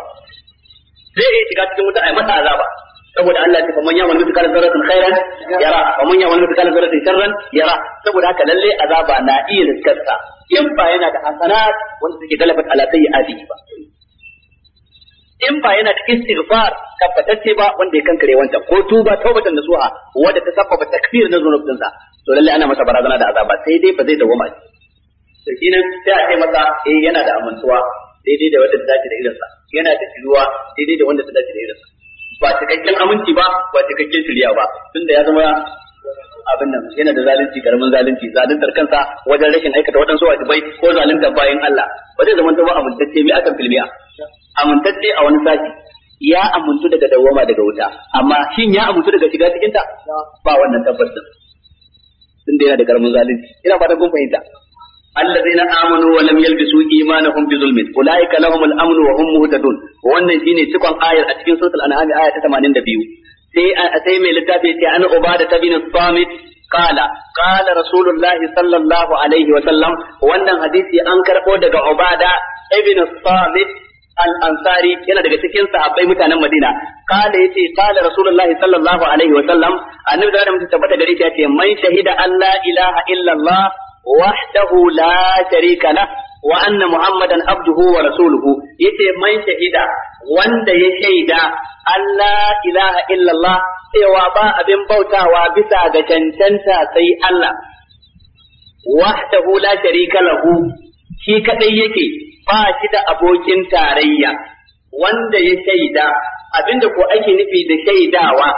zai iya shiga cikin wuta a yi masa azaba saboda Allah ya ce faman ya'mal mithqala dharratin khairan yara faman ya'mal mithqala dharratin sharran yara saboda haka lalle azaba na iya riskarsa in ba yana da hasanat wanda take galabat ala sayyi'ati ba in ba yana da istighfar tabbatacce ba wanda ya kankare wanta ko tuba taubatan nasuha wanda ta sabbaba takfir na zunubinsa to lalle ana masa barazana da azaba sai dai ba zai dawoma to kinan sai a ce masa eh yana da amintuwa daidai da wanda ta dace da irinsa yana da tilwa daidai da wanda ta dace da irinsa ba cikakken aminci ba ba cikakken shirya ba tunda ya zama abin nan yana da zalunci karamin zalunci zaluntar kansa wajen rashin aikata waɗansu wajibai ko zaluntar bayan Allah ba zai zama ba amintacce mai akan filmiya amintacce a wani sati ya amintu daga dawoma daga wuta amma shin ya amintu daga shiga cikinta, ba wannan tabbatar. tunda yana da karamin zalunci ina fatan kun fahimta الذين آمنوا ولم يلبسوا إيمانهم بظلم أولئك لهم الأمن وهم مهتدون wannan shine cikon ayar a cikin suratul an'am aya ta 82 sai sai mai littafi sai an ubada ta bin samit qala qala rasulullah sallallahu alaihi wa sallam wannan hadisi an karbo daga ubada ibn samit al-ansari yana daga cikin sahabbai mutanen madina qala yace qala rasulullah sallallahu alaihi wa sallam annabi da mutum tabbata gare shi yace man shahida an la ilaha illallah wahdahu la sharika lah wa muhammadan abduhu wa rasuluhu yace man shahida wanda ya shaida Allah ilaha illallah cewa ba abin bautawa bisa ga cancanta sai Allah wahdahu la sharika lahu shi kadai yake ba shi da abokin tarayya wanda ya shaida abinda ko ake nufi da shaidawa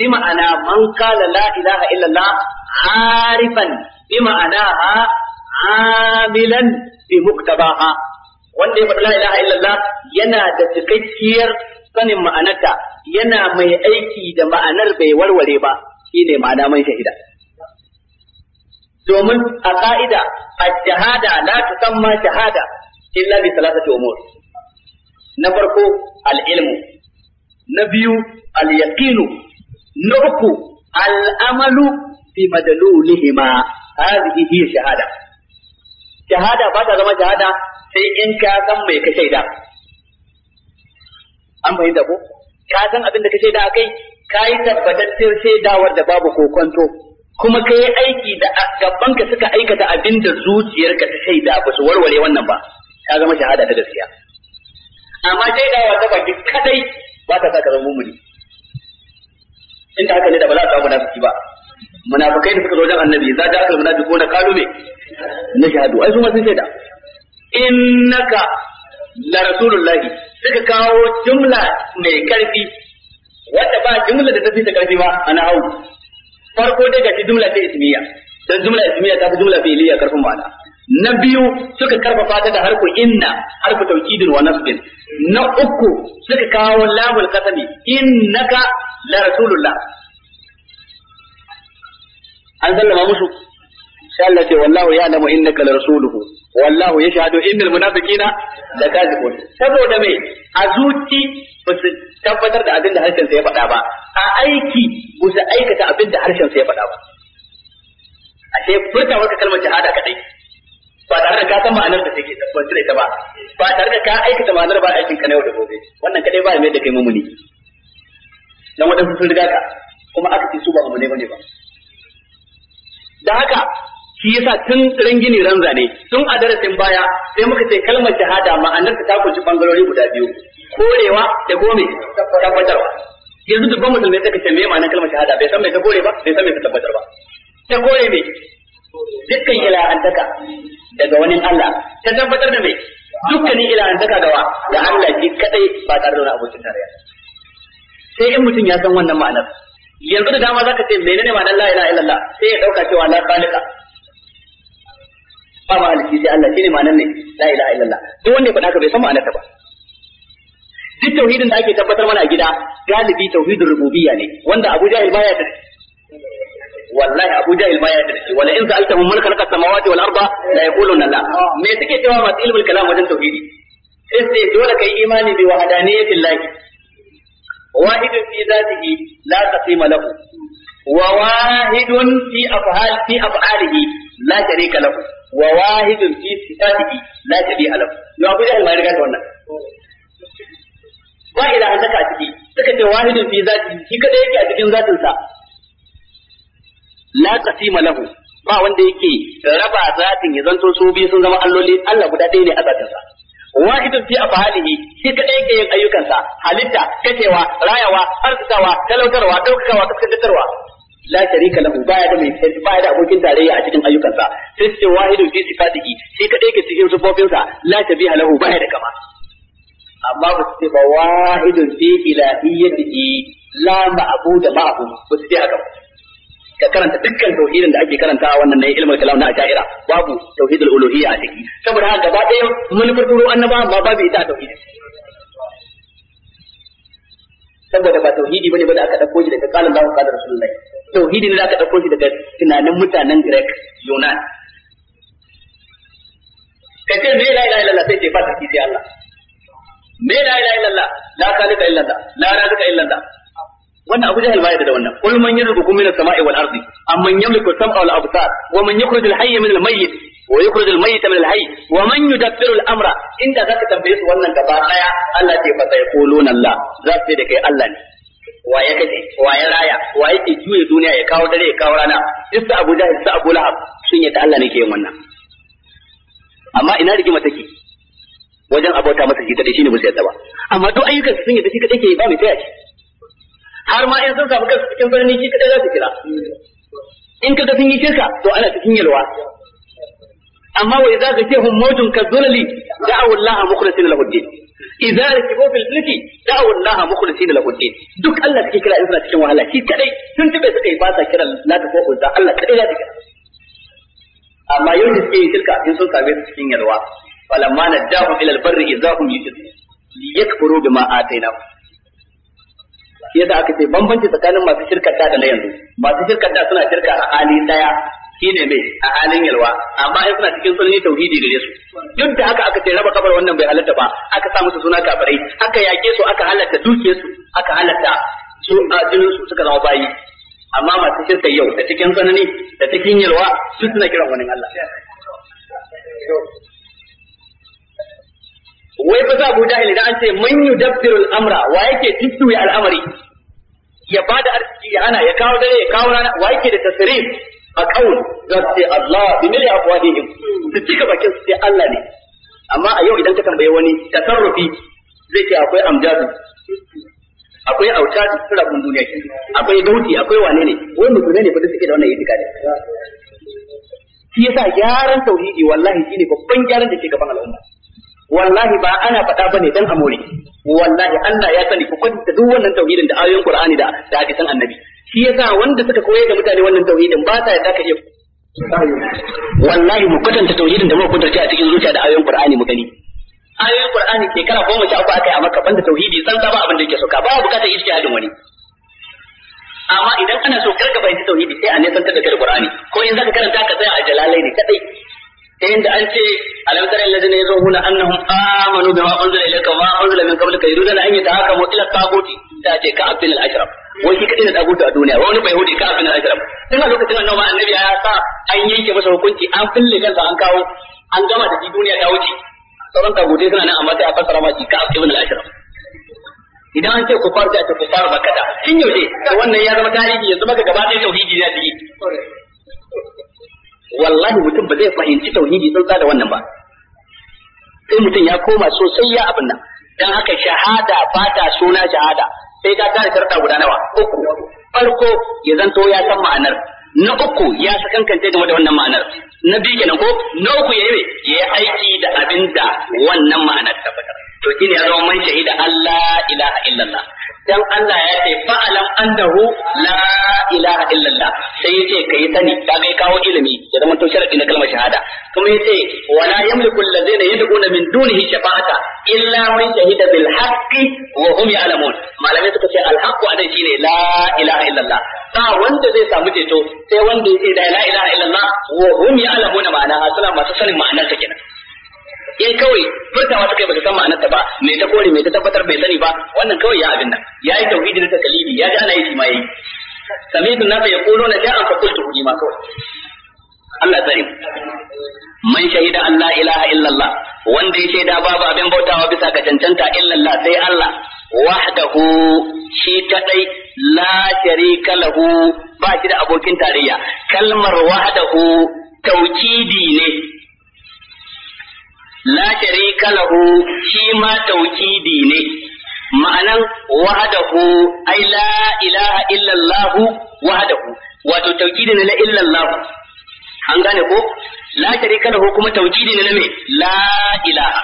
bi ma'ana man kala la ilaha illallah harifan bi ma'anaha amilan bi muktabaha wanda ya faɗi la ilaha illallah yana da cikakkiyar sanin ma'anarta yana mai aiki da ma'anar bai warware ba shine ma'ana mai shahida domin a ka'ida a la tusamma shahada illa bi salasati umur na farko al-ilmu na biyu al-yaqinu na uku al-amalu bi madalulihima hadhihi hi shahada shahada ba ta zama shahada sai in ka san mai ka shaida an fahimta ko ka san abin da ka shaida kai, ka yi tabbataccen shaidawar da babu kokonto kuma ka yi aiki da ka suka aikata abin da zuciyarka ta shaida ba su warware wannan ba ka zama shahada ta gaskiya amma shaidawa ta baki kadai ba ta sa ka zama mumuni inda haka ne da ba za ka samu nafsi ba munafikai da suka zo wajen annabi za ja akal munafiquna qalu me nashhadu ai su ma sun shaida innaka la rasulullah suka kawo jumla mai karfi wanda ba jumla da ta fi ta karfi ba ana hau farko dai ga jumla ta ismiya dan jumla ismiya ta fi jumla fi'liya karfin ma'ana na biyu suka karfafa ta da harfu inna harfu tawkidin wa nasbin na uku suka kawo lamul qasami innaka la rasulullah an sallama musu sai Allah ce wallahu ya'lamu innaka larasuluhu wallahu yashhadu innal munafiqina lakazibun saboda me a zuci ba su tabbatar da abin da harshen sa ya faɗa ba a aiki ba su aikata abin da harshen sa ya faɗa ba a ce furta wata kalmar shahada kadai ba tare da ka san ma'anar da take tabbatar da ita ba ba tare da ka aikata ma'anar ba aikin ka na yau da gobe wannan kadai ba mai da kai mumuni dan wadansu sun riga ka kuma aka ce su ba mu bane ba da haka shi yasa tun rangini ran zane tun a darasin baya sai muka ce kalmar shahada ma'anar ta kunshi bangarori guda biyu korewa da gome tabbatarwa yanzu dubban mutum suka take me ma'anar kalmar shahada bai san mai ta kore ba bai san mai ta tabbatar ba ta kore mai dukkan ilahantaka daga wani Allah ta tabbatar da mai dukkanin ilahantaka gawa da Allah shi kadai ba tare da abokin tarayya sai in mutum ya san wannan ma'anar yanzu da dama zaka ce menene ma la ilaha illallah sai ya dauka cewa la khaliqa ba ma alki sai Allah shine ma'anar ne la ilaha illallah duk wanda ya faɗa ka bai san ma'anar ta ba duk tauhidin da ake tabbatar mana a gida galibi tauhidur rububiyya ne wanda Abu Jahil baya da wallahi Abu Jahil baya da shi wala in sa'altahum mulka khalaqa samawati wal arda la yaquluna la me suke cewa masu ilmul kalam wajen tauhidi sai dole kai imani bi wahdaniyatil lahi واحد في ذاته لا قسيم له وواحد في أفعال في أفعاله لا شريك له وواحد في صفاته لا شبيه له يا أبو جهل ما يرجع لنا ba ila an saka a ciki suka ce wahidun fi zati shi kada yake a cikin zatin sa la ba wanda yake raba zatin ya zanto sun zama alloli Allah guda ɗaya ne a zatin wahidun fi afalihi shi kadai yake yin ayyukansa halitta kacewa rayawa arzikawa talautarwa daukakawa kaskantarwa la sharika lahu baya da mai baya da abokin tarayya a cikin ayyukansa sai ce wahidun fi sifatihi shi kadai yake cikin sufofinsa la shabiha lahu baya da kama amma ba su ce ba wahidun fi ilahiyyatihi la ma'budu ma'ahu ba su ce haka ba ka karanta dukkan tauhidin da ake karanta a wannan ne ilmul kalam na asha'ira babu tauhidul uluhiyya a ciki saboda haka gaba ɗaya manufar turo annaba ba babu ita tauhidi saboda ba tauhidi bane bane aka dauko shi daga kalan Allah ka da Rasulullahi tauhidi ne da aka dauko shi daga tunanin mutanen Greek Yunan kace me la ilaha illallah sai ce fata sai Allah me la ilaha illallah la khaliqa illallah la razika illallah wannan abu jahil ma yadda da wannan qul man yarzuqukum minas sama'i wal ardi amman yamliku sam'a wal absar wa man yukhrijul hayya minal mayyit wa yukhrijul mayyita minal hayy wa man yudabbiru al amra inda zaka tambaye su wannan gaba daya Allah ce fa sai quluna Allah za su da kai Allah ne wa ya kace wa ya raya wa yake juye duniya ya kawo dare ya kawo rana isa Abu Jahil sa Abu Lahab sun yadda Allah ne ke yin wannan amma ina rigima take wajen abota masa jita kadai shine ba sai yadda ba amma duk ayyukan sun yadda shi kadai ke ba mai taya har ma in sun samu kansu cikin birni shi kadai za su kira in ka sun yi kirka to ana cikin yalwa amma wa idza zakihum mawjun kadhulali da'u Allah mukhlisina lahu din idza rakibu fil fulki da'u Allah mukhlisina lahu din duk Allah take kira in suna cikin wahala shi kadai sun tabe suka yi ba sa kira la ta ko uzza Allah kadai za ta kira amma yau da suke yin shirka in sun same su cikin yalwa falamma najahum ila al-barri idza hum yushrikun liyakfuru bima atainahum shi yasa aka ce bambanci tsakanin masu shirka da da na yanzu masu shirka da suna shirka a hali daya shine mai a halin yalwa amma in suna cikin sunni tauhidi gare su duk da haka aka ce raba kabar wannan bai halatta ba aka sa musu suna kafirai aka yake su aka halatta duke su aka halatta su a jinin su suka zama bayi amma masu shirka yau da cikin tsanani da cikin yalwa duk suna kiran wani Allah wai ba za a Jahil idan an ce man dabbirin amra wa yake ya al'amari ya ba da arziki ya ana ya kawo dare ya kawo rana wa yake da tasirin? a kaul za su ce Allah bi mili afwadihim su cika bakin su ce Allah ne amma a yau idan ka tambaye wani tasarrufi zai ce akwai amjadu akwai auta da sura kun duniya ke akwai dauti akwai wane ne wai mutune ne fa da suke da wannan ne. shi yasa gyaran tauhidi wallahi shine babban gyaran da ke gaban al'umma wallahi ba ana faɗa bane dan amore wallahi Allah ya sani ku kwanta duk wannan tauhidin da ayoyin Qur'ani da da hadisan Annabi shi yasa wanda suka koyar da mutane wannan tauhidin ba sa yadda ka iya wallahi mu kwatanta tauhidin da muka kudurta a cikin zuciya da ayoyin Qur'ani mu gani ayoyin Qur'ani kana goma sha uku aka a maka banda tauhidi san ba abin da yake so ka ba bukatar ijtihadin wani amma idan ana so karka fahimci tauhidi sai a nesantar da kai da Qur'ani ko in zaka karanta ka tsaya a jalalai ne kadai ta yadda an ce alam tara alladhina yazhuna annahum amanu bima unzila ilayka wa unzila min qablika yuriduna an yatahakamu ila taguti ta ce ka abin al wai shi kadai da taguti a duniya wani bai hude ka abin al-ashraf tun a lokacin annabi ya sa an yanke masa hukunci an fille kansa an kawo an gama da shi duniya ta wuce sauran tagutai suna nan amma sai a fassara ma shi ka abin al-ashraf idan an ce ku fara sai a ce ku fara makata in yaushe wannan ya zama tarihi yanzu maka gaba ɗaya tauhidi na ciki wallahi mutum ba zai fahimci tauhidi tsantsa da wannan ba sai mutum ya koma sosai ya abin nan dan haka shahada ba ta suna shahada sai ta tare sharda guda nawa uku farko ya zanto ya san ma'anar na uku ya sakankance game da wannan ma'anar na biyu kenan ko na uku ya yi ya yi aiki da abin da wannan ma'anar tabbatar to shine ya zama man shahida Allah ilaha illallah dan Allah ya ce fa'alam annahu la ilaha illallah sai yace kai sani ka kai kawo ilimi ya zama to sharadi na kalmar shahada kuma yace wala yamliku allazina yad'una min dunihi shafa'ata illa man shahida bil haqqi wa hum ya'lamun malamai suka ce al haqqu anan shine la ilaha illallah ba wanda zai samu ceto sai wanda yace da la ilaha illallah wa hum ya'lamuna ma'ana suna masu sanin ma'anar ta kenan in kawai furtawa suka yi basu san ma'anar ta ba me ta kore me ta tabbatar bai sani ba wannan kawai ya abin nan yi tauhidi da takalibi ya ji ana yi ma yayi samitu nasa yaquluna sha'an fa qultu ma kawai Allah tsare man shahida an la ilaha illallah wanda ya shaida babu abin bautawa bisa ga cancanta illallah sai Allah wahdahu shi kadai la sharika lahu ba shi da abokin tarayya kalmar wahdahu taukidi ne la sharika lahu shi ma tawkidi ne ma'anan wahadahu ai la ilaha illa wahadahu, wato tawkidi ne la illallah an gane ko la sharika lahu kuma tawkidi ne na me la ilaha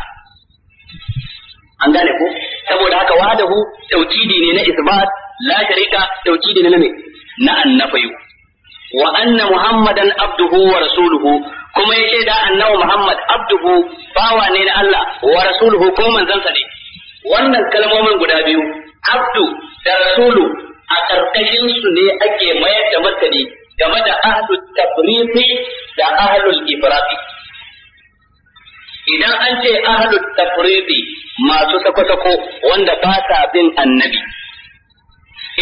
an gane ko saboda haka wahadahu tawkidi ne na isbat la tauki tawkidi ne na me na annafayu wa anna muhammadan abduhu wa rasuluhu kuma ya shaida annabi Muhammad abduhu bawa ne na Allah wa rasuluhu ko sa ne wannan kalmomin guda biyu abdu da rasulu a karkashin su ne ake mayar da martani game da ahlul tafriqi da ahlul ifraqi idan an ce ahlul tafriqi masu sako-sako wanda ba sa bin annabi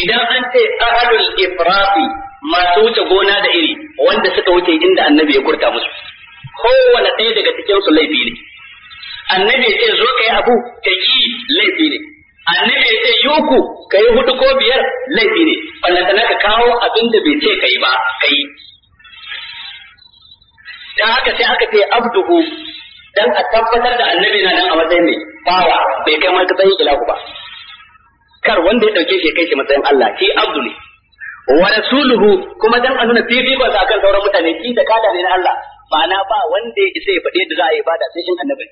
idan an ce ahlul ifraqi masu wuce gona da iri wanda suka wuce inda annabi ya kurta musu kowane ɗaya daga cikin su laifi ne annabi ya ce zo ka yi abu ka yi laifi ne annabi ya ce yi uku ka yi hudu ko biyar laifi ne ballantana ka kawo abin da bai ce ka yi ba ka yi ta haka sai aka ce abduhu dan a tabbatar da annabi na nan a matsayin mai bawa bai kai matsayin ilahu ba kar wanda ya ɗauke shi kai shi matsayin Allah shi abdu ne wa rasuluhu kuma dan a nuna fifikon sa kan sauran mutane shi da kada ne na Allah ma'ana ba wanda ya isa ya faɗi da za a yi sai shin annabi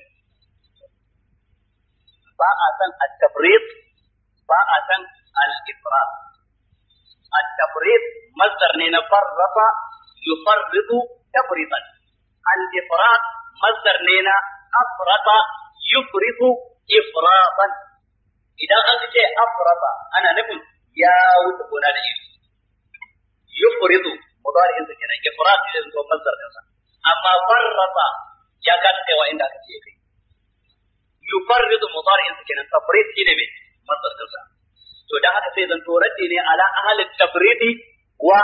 ba a san at-tafriq ba a san al ifrad at-tafriq masdar ne na farrafa yufarridu tafridan al ifrad masdar ne na afrata yufridu ifradan idan an ce afrata ana nufin ya wuce gona da shi yufridu mudari'in sa kenan ifrat da zuwa masdar kansa amma farrata ya ka ta inda aka ce kai yufarridu mudari'in sa kenan tafrid shine me masdar kansa to dan haka sai zan torati ne ala ahli tafridi wa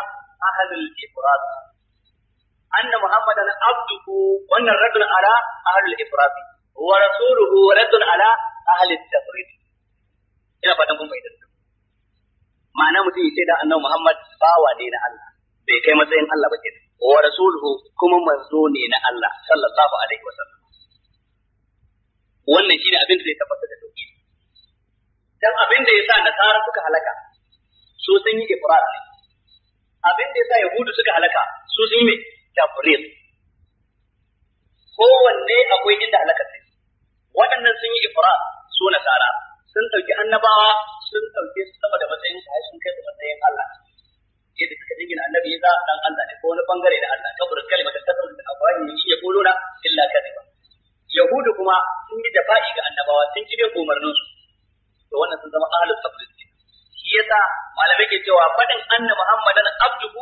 ahli ifrat anna muhammadan abduhu wannan radun ala ahli ifrat wa rasuluhu ala ina kun ma'ana mutum ya ce da annabi Muhammad bawa ne na Allah bai kai matsayin Allah ba kenan wa rasuluhu kuma manzo ne na Allah sallallahu alaihi wasallam wannan shine abin da zai tabbata da tauhid dan abin da yasa nasara suka halaka su sun yi ifrat abin da yasa yahudu suka halaka su sun yi me Ko kowanne akwai inda halaka sai waɗannan sun yi ifrat su nasara sun ɗauki annabawa sun ɗauke su sama da matsayin su sun kai su matsayin Allah yadda suka dingina annabi ya za ɗan Allah ne ko wani ɓangare da Allah kabur kalimatan kasar da abahi ne ya na illa ba. yahudu kuma sun yi dafa'i ga annabawa sun ki dai umarnin su to wannan sun zama ahlus ne shi ya sa malamai ke cewa faɗin anna muhammadan abduhu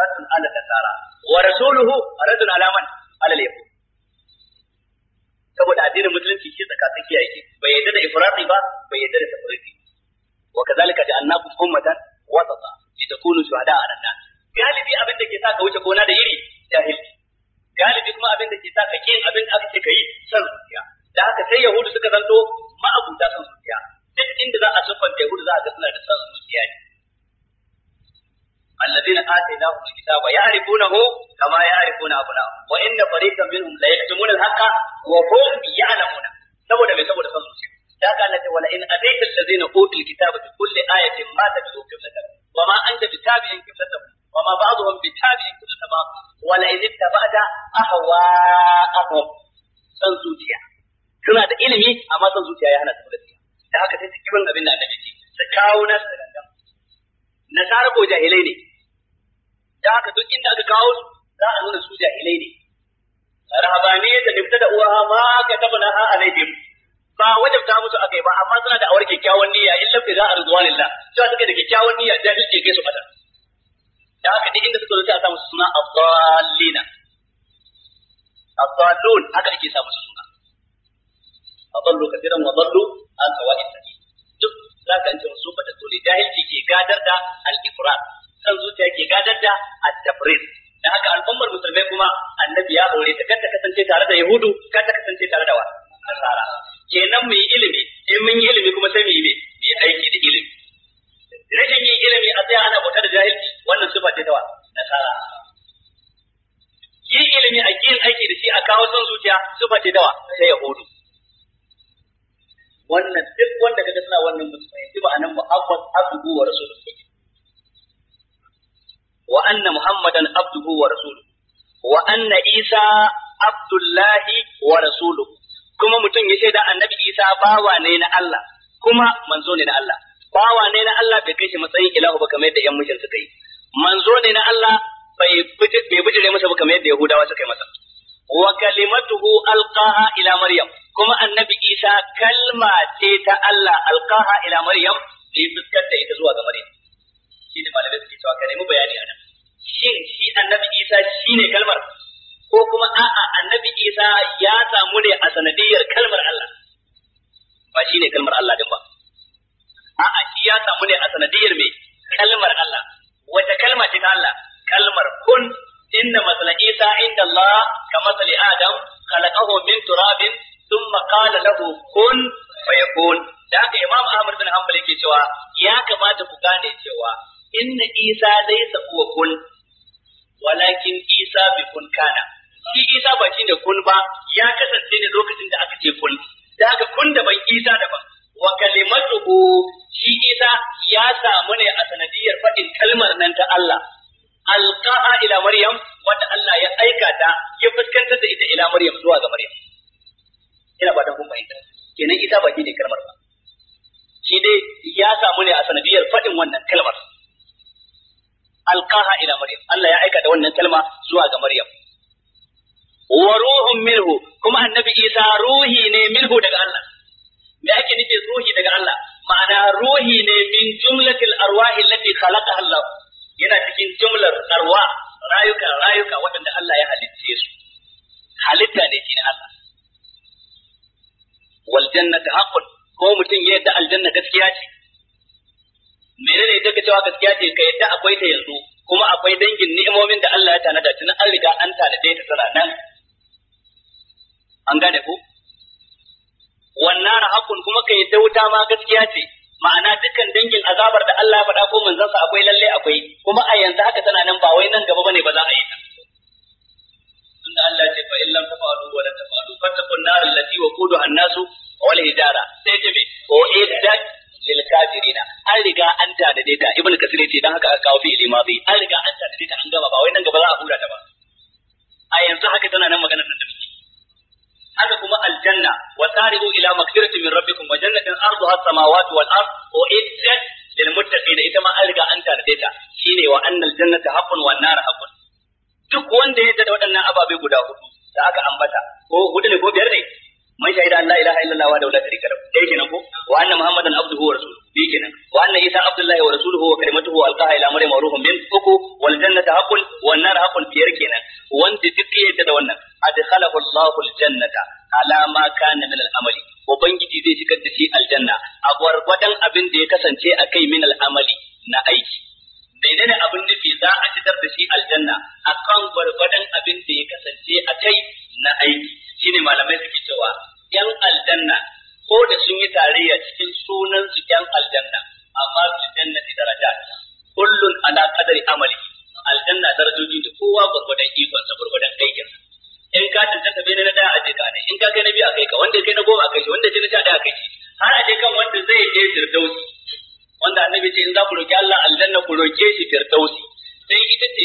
radun ala nasara wa rasuluhu a ala alaman ala yahud saboda addinin musulunci shi tsaka tsakiya yake bai yadda da ifrati ba bai yadda da tafriti wa kazalika ja'alnakum ummatan wasata litakunu shuhada 'ala an-nas galibi abin da ke sa ka wuce gona da iri jahilci galibi kuma abin da ke sa ka kin abin da aka ka yi san zuciya da haka sai yahudu suka zanto ma'abuta san zuciya duk inda za a sufanta yahudu za a ga suna da san zuciya ne الذين آتيناهم الكتاب يعرفونه كما يعرفون أبناءهم وإن فريقا منهم لا الحق وهم يعلمون saboda mai saboda san zuciya da ka Allah wala in ataita allazina utul kitaba bi kulli ayatin ma tabi'u qiblatak wa ma anta bitabi'in qiblatak wa ma ba'dhum bitabi'in qiblatak ba wala in ittaba'ta ahwa'ahum san zuciya suna da ilimi amma san zuciya ya hana su gaskiya da haka sai su kiban abin da annabi ce kawo nasu da gangan nasara ko jahilai ne da haka duk inda aka kawo su za a nuna su jahilai ne rahabaniya da nifta da uwa ma ka taba na ha alaihim ba wajen wajabta musu akai ba amma suna da awar kyakkyawan niyya illa fi za a rizwanillah cewa suka da kyakkyawan niyya jahilci kai su fada da haka duk inda suka zo sai a samu suna abdallina abdallun haka ake samu suna abdallu kafiran wa dallu an sawa'in sabil duk za ka ce musu fata dole jahilci ke gadar da al-ifrat san zuciya ke gadar da at-tafrid da haka al'ummar musulmai kuma annabi ya aure ta kada kasance tare da yahudu kada kasance tare da wa nasara kenan mu yi ilimi in mun yi ilimi kuma sai mu yi me mu yi aiki da ilimi rashin yin ilimi a tsaya ana bauta da jahilci wannan sifa ce ta wa nasara yin ilimi a yin aiki da shi a kawo son zuciya sifa ce ta wa ta yahudu wannan duk wanda kaga suna wannan musulmai ba anan ba akwat abu wa rasulullah wa anna muhammadan abduhu wa rasuluhu wa anna isa abdullahi wa rasuluhu kuma mutum ya shaida annabi isa bawa ne na Allah kuma manzo ne na Allah bawa ne na Allah bai kai matsayin ilahu ba kamar yadda yan mushin suka manzo ne na Allah bai bijire masa ba kamar yadda yahudawa suka yi masa wa kalimatuhu alqaha ila maryam kuma annabi isa kalma ce ta Allah alqaha ila maryam da ya ita zuwa shi ne malamai suke cewa ka nemi bayani a nan shin shi annabi Isa shi ne kalmar ko kuma a'a annabi Isa ya samu ne a sanadiyar kalmar Allah ba shi ne kalmar Allah din ba a'a shi ya samu ne a sanadiyar mai kalmar Allah wata kalma ce ta Allah kalmar kun inna masala Isa inda Allah ka masali Adam khalaqahu min turabin thumma qala lahu kun fayakun da haka Imam Ahmad bin Hanbal yake cewa ya kamata ku gane cewa inna Isa zai huwa kun walakin isa bi kun kana shi isa ba shi ne kun ba ya kasance ne lokacin da aka ce kun da aka kun ban isa ba wa kalimatuhu shi isa ya samu ne a sanadiyar faɗin kalmar nan ta Allah alqaha ila maryam wanda Allah ya aika ta ya fuskantar da ita ila maryam zuwa ga maryam ina ba da kun fahimta kenan isa ba shi ne kalmar ba shi dai ya samu ne a sanadiyar faɗin wannan kalmar alqaha ila maryam Allah ya aika da wannan kalma zuwa ga maryam wa ruhun minhu kuma annabi isa ruhi ne minhu daga Allah me ake nufi ruhi daga Allah ma'ana ruhi ne min jumlatil arwahi allati khalaqa Allah yana cikin jumlar arwa rayuka rayuka waɗanda Allah ya halitte su halitta ne shi Allah wal jannatu haqqun ko mutum yadda aljanna gaskiya ce menene ita cewa gaskiya ce ka yadda akwai ta yanzu kuma akwai dangin ni'imomin da Allah ya tanada tun an riga an tanade ta tana nan an gane ku wannan hakun kuma ka yadda wuta ma gaskiya ce ma'ana dukkan dangin azabar da Allah ya faɗa ko sa akwai lalle akwai kuma a yanzu haka tana nan ba wai nan gaba bane ba za a yi ta da Allah ce fa illam tafalu wa la tafalu fattaqun nar allati waquduha an-nasu wal hijara sai ce bi o lil kafirina an riga an tanade ta ibnu kasir yace dan haka aka kawo fi'ili madi an riga an tanade ta an gaba ba wai nan gaba za a hura ta ba a yanzu haka tana nan maganar nan da muke haka kuma aljanna wa taridu ila maghfirati min rabbikum wa jannatin arduha as-samawati wal ard uiddat lil muttaqin ita ma an riga an tanade ta shine wa annal jannata haqqun wan nar haqqun duk wanda ya da waɗannan ababe guda hudu da aka ambata ko hudu ne ko biyar ne man shahida an la ilaha illallah wa la sharika lahu dai kenan ko wa anna muhammadan abduhu wa rasuluhu bi kenan wa anna isa abdullahi wa rasuluhu wa kalimatuhu alqaha ila maryam wa ruhum min uku wal jannatu haqqun wan nar haqqun biyar kenan wanda duk yadda da wannan adkhalahu allah al jannata ala ma kana min al amali ubangiji zai shigar da shi aljanna a gwargwadon abin da ya kasance a kai min al amali na aiki menene abin nufi za a shigar da shi aljanna akan gwargwadon abin da ya kasance a kai na aiki ne malamai suke cewa yan aljanna ko da sun yi tarayya cikin sunan su yan aljanna amma su jannati daraja, kullun ana qadari amali aljanna darajoji da kowa gurgudan ikon sa gurgudan aikin sa in ka ta bai na daya a je in ka kai na biyu a kai ka wanda kai na goma a kai shi wanda kai na sha daya a kai shi har a je kan wanda zai je firdausi wanda annabi ce in za ku roki Allah aljanna ku roke shi firdausi sai ita ce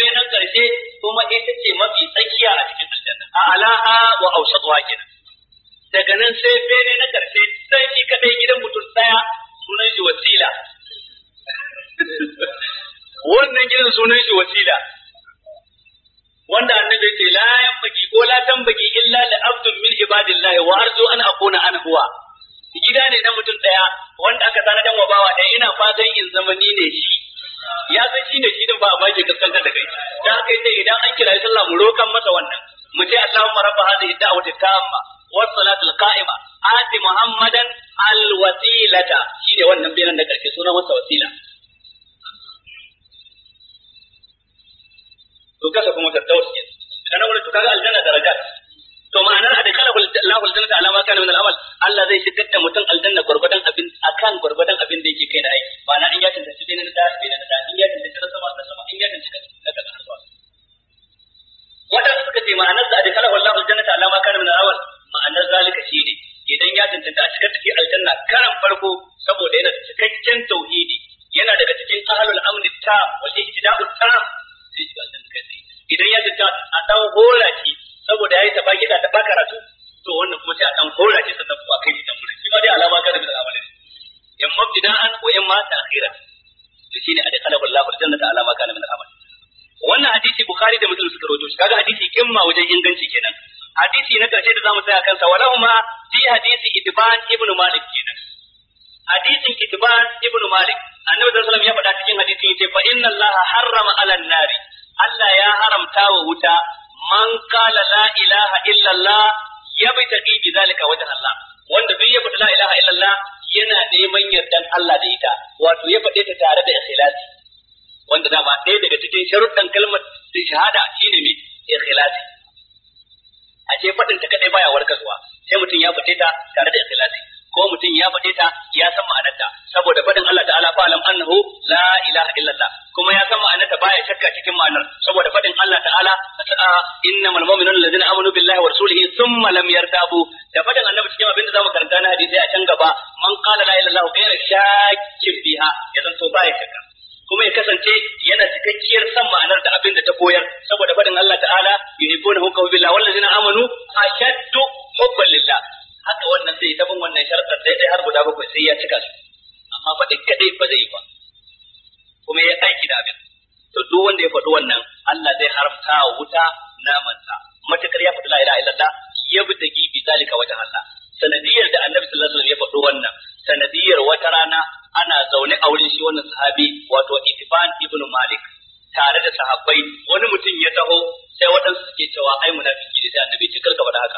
can na karshe kuma ita ce mafi tsakiya a cikin aljanna a alaha wa zuwa kenan daga nan sai bene na karshe sai shi kadai gidan mutum daya sunan shi wasila [LAUGHS] wannan gidan sunan shi wasila wanda annabi ce la yanbaki ko la tambaki illa li abdul min ibadillah wa arju an akuna an huwa gida ne na mutum daya wanda aka tsara dan wa bawa dan ina fatan in zama ni ne shi ya san shi ne shi din ba a baki kaskantar da kai Ta haka yace idan an kira sallah mu rokan masa wannan mu ce Allahumma rabb hadhihi da'wati tamma was al qa'ima ati muhammadan al wasilata ne wannan bayanan da karshe sunan wasu wasila to kasa kuma tattaus ne kana wani to kaga aljanna darajat to ma'anar a dakala lahul jannata alama kana min amal Allah zai shigar da mutum aljanna gurgudan abin akan gurgudan abin da yake kai na aiki ma'ana in ya tantance shi na da bai na da in ya tantance na sama da sama in ya tantance na kaza na sama wadanda suka ce ma'anar da dakala lahul jannata alama kana min amal ma'anar zalika shi ne idan ya tantance a cikin take aljanna karan farko saboda yana da cikakken tauhidi yana daga cikin ahlul amni ta wal ihtida'u ta sai shi aljanna kai idan ya tantance a dan hora shi saboda yayi da ta karatu to wannan kuma sai a dan kora shi sannan kuma kai da gurin shi ma dai alama ga daga amalin in an ko in ma ta'khira to shine a da Allah bar jannata alama kana min amal wannan hadisi bukhari da muslim suka rawaito shi kaga hadisi kimma wajen inganci kenan hadisi na karshe da zamu tsaya kansa walahuma fi hadisi itban ibnu malik kenan hadisin itban ibnu malik annabi sallallahu alaihi wasallam ya faɗa cikin hadisi yace fa inna allaha harrama ala nari Allah ya haramta wa wuta man kala la ilaha illa Allah yabtaqi bi zalika wajh Allah wanda duk ya faɗi la ilaha illa Allah yana neman yardan Allah da ita wato ya faɗe ta tare da ikhlasi wanda ba ɗaya daga cikin sharuɗan kalmar shahada shine mai ikhlasi a ce faɗin ta kadai baya warkaswa sai mutum ya faɗe ta tare da ikhlasi ko mutum ya faɗe ta ya san ma'anarta saboda faɗin Allah ta'ala fa alam annahu la ilaha illallah kuma ya san ma'anarta baya shakka cikin ma'anar saboda faɗin Allah ta'ala innamal mu'minuna allazina amanu billahi wa rasulihi thumma lam yartabu da faɗin annabi cikin abinda da zamu karanta na hadisi a can gaba man qala la ilaha illallah ghayra shakkin biha ya zanto baya shakka kuma ya kasance yana cikakkiyar san ma'anar da abin da ta koyar saboda faɗin Allah ta'ala yuhibbuna hubba billah wallazina amanu ashaddu hubban lillah haka wannan zai ta bin wannan sharadin daidai har guda bakwai sai ya cika su amma faɗi kaɗai ba zai yi ba kuma ya aiki da abin to duk wanda ya faɗi wannan Allah zai haramta wuta namansa. matakar ya faɗi la ilaha illallah ya bi da gibi zalika wata Allah sanadiyar da annabi sallallahu alaihi wasallam ya faɗi wannan sanadiyar wata rana ana zaune a wurin shi wannan sahabi wato Itban ibn Malik tare da sahabbai wani mutum ya taho sai waɗansu suke cewa ai munafiki ne sai annabi ce karka faɗa haka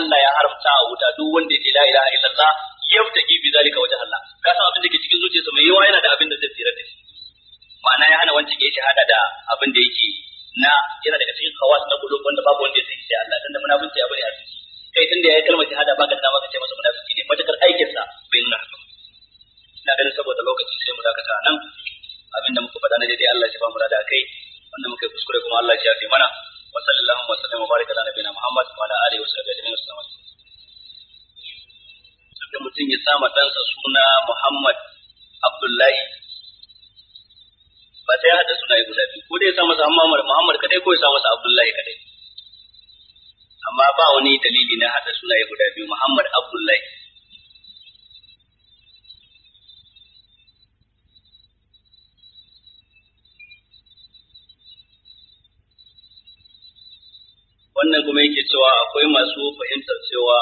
Allah ya haramta a wuta duk wanda yake la ilaha illallah yaftaki bi zalika wajh Allah ka san abin da ke cikin zuciyarsa mai yawa yana da abin da zai tsira da shi ma'ana ya hana wancan ya shahada da abin da yake na yana daga cikin kawas na gudu wanda babu wanda ya san shi Allah tunda munafunci abu ne a kai tunda yayi kalmar shahada ba kadai ko sa masa Abdullahi kadai amma ba wani dalili na hada sunaye guda biyu Muhammad Abdullahi wannan kuma yake cewa akwai masu fahimtar cewa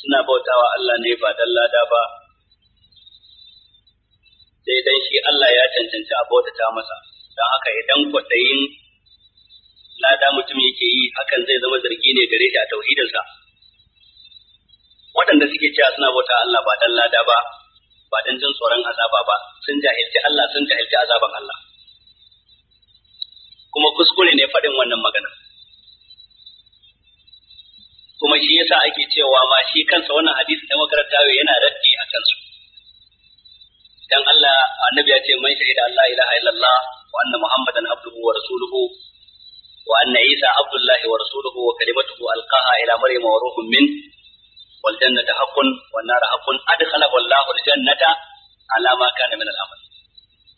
suna bautawa Allah ne ba dan lada ba sai dan shi Allah ya cancanci a bautata masa don haka idan kwaɗayin tsada mutum yake yi hakan zai zama zargi ne gare shi a tauhidinsa waɗanda suke cewa suna bauta Allah ba dan lada ba ba dan jin tsoron azaba ba sun jahilci Allah sun jahilci azaban Allah kuma kuskure ne faɗin wannan magana kuma shi yasa ake cewa ma shi kansa wannan hadisi da makaranta yana raddi a kansu dan Allah annabi ya ce man shaida Allah ilaha illallah wa anna muhammadan abduhu wa rasuluhu وأن عيسى عبد الله ورسوله وكلمته ألقاها إلى مريم وروح منه والجنة حق والنار حق أدخله الله الجنة على ما كان من العمل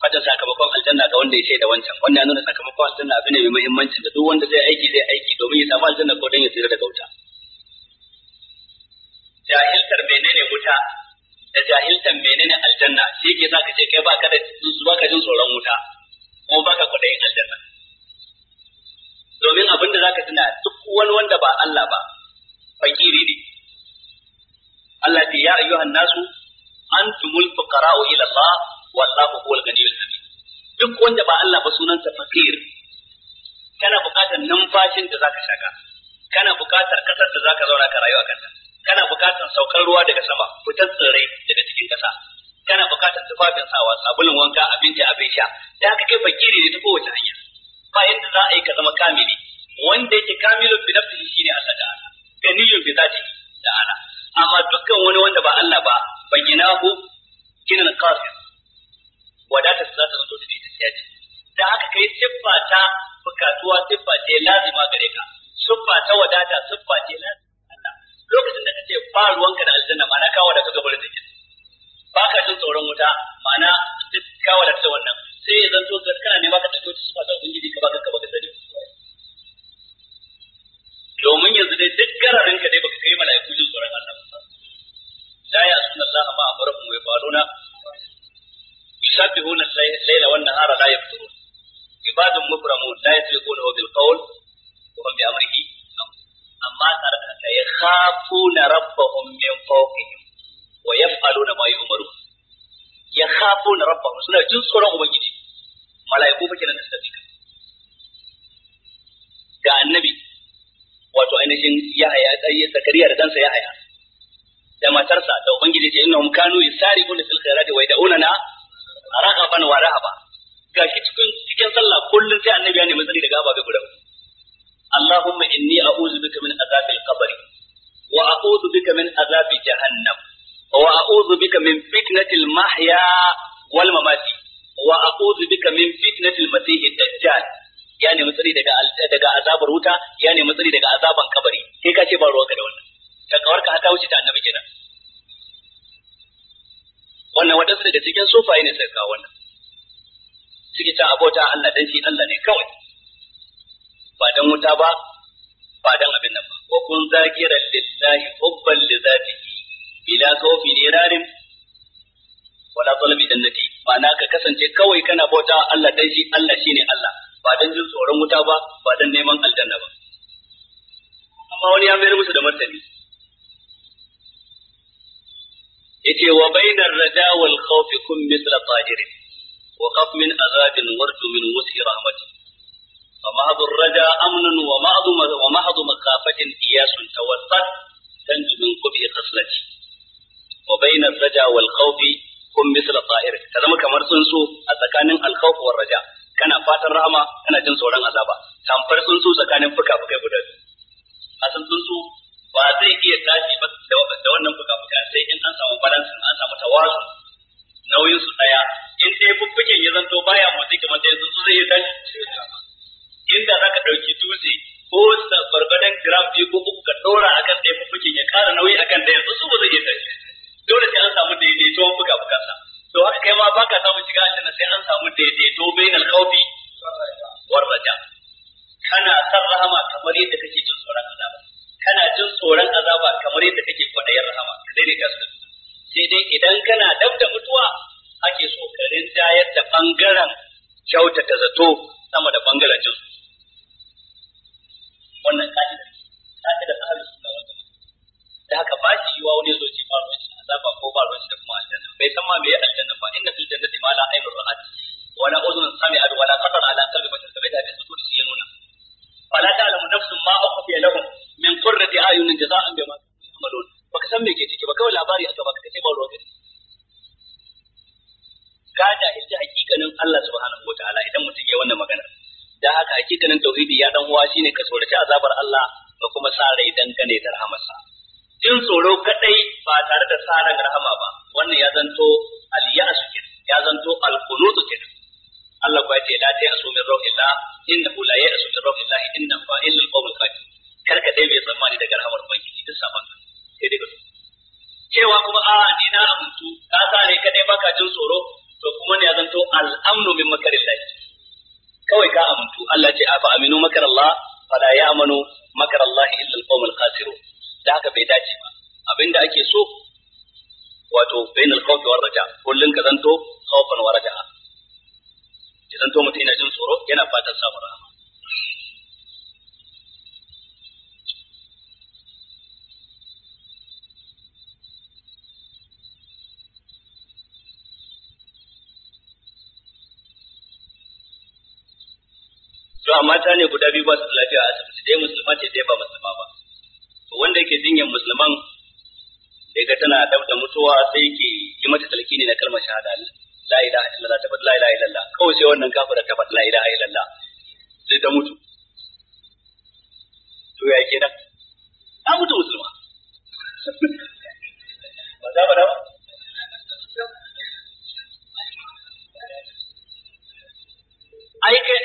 fatan sakamakon aljanna ga wanda ya shaida wancan wannan nuna sakamakon aljanna abu ne mai muhimmanci da duk wanda zai aiki zai aiki domin ya samu aljanna ko don ya tsira daga wuta jahiltar menene wuta da jahiltar menene aljanna shi ke sa ka ce kai ba ka da ba ka jin tsoron wuta Ina duk wani wanda ba Allah ba fakiri ne Allah ce ya ayyuhan nasu antumul fuqara'u ila Allah wallahu gani ghaniyyul hamid duk wanda ba Allah ba sunanta fakir kana buƙatar numfashin da zaka shaka kana buƙatar kasar da zaka zauna ka rayuwa kanta kana buƙatar saukar ruwa daga sama fitar tsirrai daga cikin ƙasa kana buƙatar tufafin sawa sabulun wanka abinci abin sha da haka kai fakiri ne ta kowace hanya ba yadda za a yi ka zama kamili wanda yake kamilu bi nafsihi shine Allah ta'ala ganiyun bi da ana amma dukkan wani wanda ba Allah ba bayyinahu kinan qasir wadata za ta zo da ita sai da haka kai siffa ta bukatuwa siffa ce lazima gare ka siffa ta wadata siffa ce lazima lokacin da kace ba ruwanka da aljanna na ka wadata gabar da ba ka jin tsoron wuta ma duk ka da wannan sai ya zanto kana ne ba يخافون ربهم من فوقهم ويفعلون ما يؤمرون يخافون ربهم سنة جن سورة وبنجي ملائكو فكنا نستفيك ga annabi wato ainihin ya haya tsaye zakariya da dansa ya haya da matarsa da ubangiji ce innahum kanu yusarifuna fil khairati wa yad'una na raghaban wa rahaba gashi cikin cikin sallah kullun sai annabi ya nemi tsari daga ababe guda Allahumma inni a'udhu bika min azabil a'udhu bika min azabi jahannam wa a'udhu bika min fitnatil mahya wal mamati wa a'udhu bika min fitnatil masih dajjal ya nemi tsari daga daga azabar wuta ya nemi tsari daga azaban kabari kai ka ce ba ruwanka da wannan ta kawar ka hata wuce ta annabi kenan wannan wadansu daga cikin sufaye ne suka kawo wannan suke ta abota Allah dan shi Allah ne kawai ba dan wuta ba ba dan abin nan ba Ko kun zakiran lil لله حبا لذاته بلا خوف نيرار ولا طلب جنته ma'ana ka kasance kawai kana bauta Allah dan shi Allah shine Allah ba dan jin tsoron wuta ba ba dan neman aljanna ba amma wani ya mayar musu da martani yace wa bainar raja wal khawfi kun misla tahir wa qaf min azabin warju min raja amnun wa raja wal khawfi kun ka zama kamar tsuntsu a tsakanin al khawf wal raja kana fatan rahama kana jin tsoron azaba shine ka tsorace azabar Allah biyu ba su da lafiya a asibiti dai musulma ce dai ba musulma ba to wanda yake jinyar musulman da ga tana dab da mutuwa sai yake yi mata talkini na kalmar shahada la ilaha illallah ta la ilaha illallah kawai sai wannan kafira ta la ilaha illallah sai ta mutu to ya kenan ta mutu musulma [LAUGHS] ba za ba da ba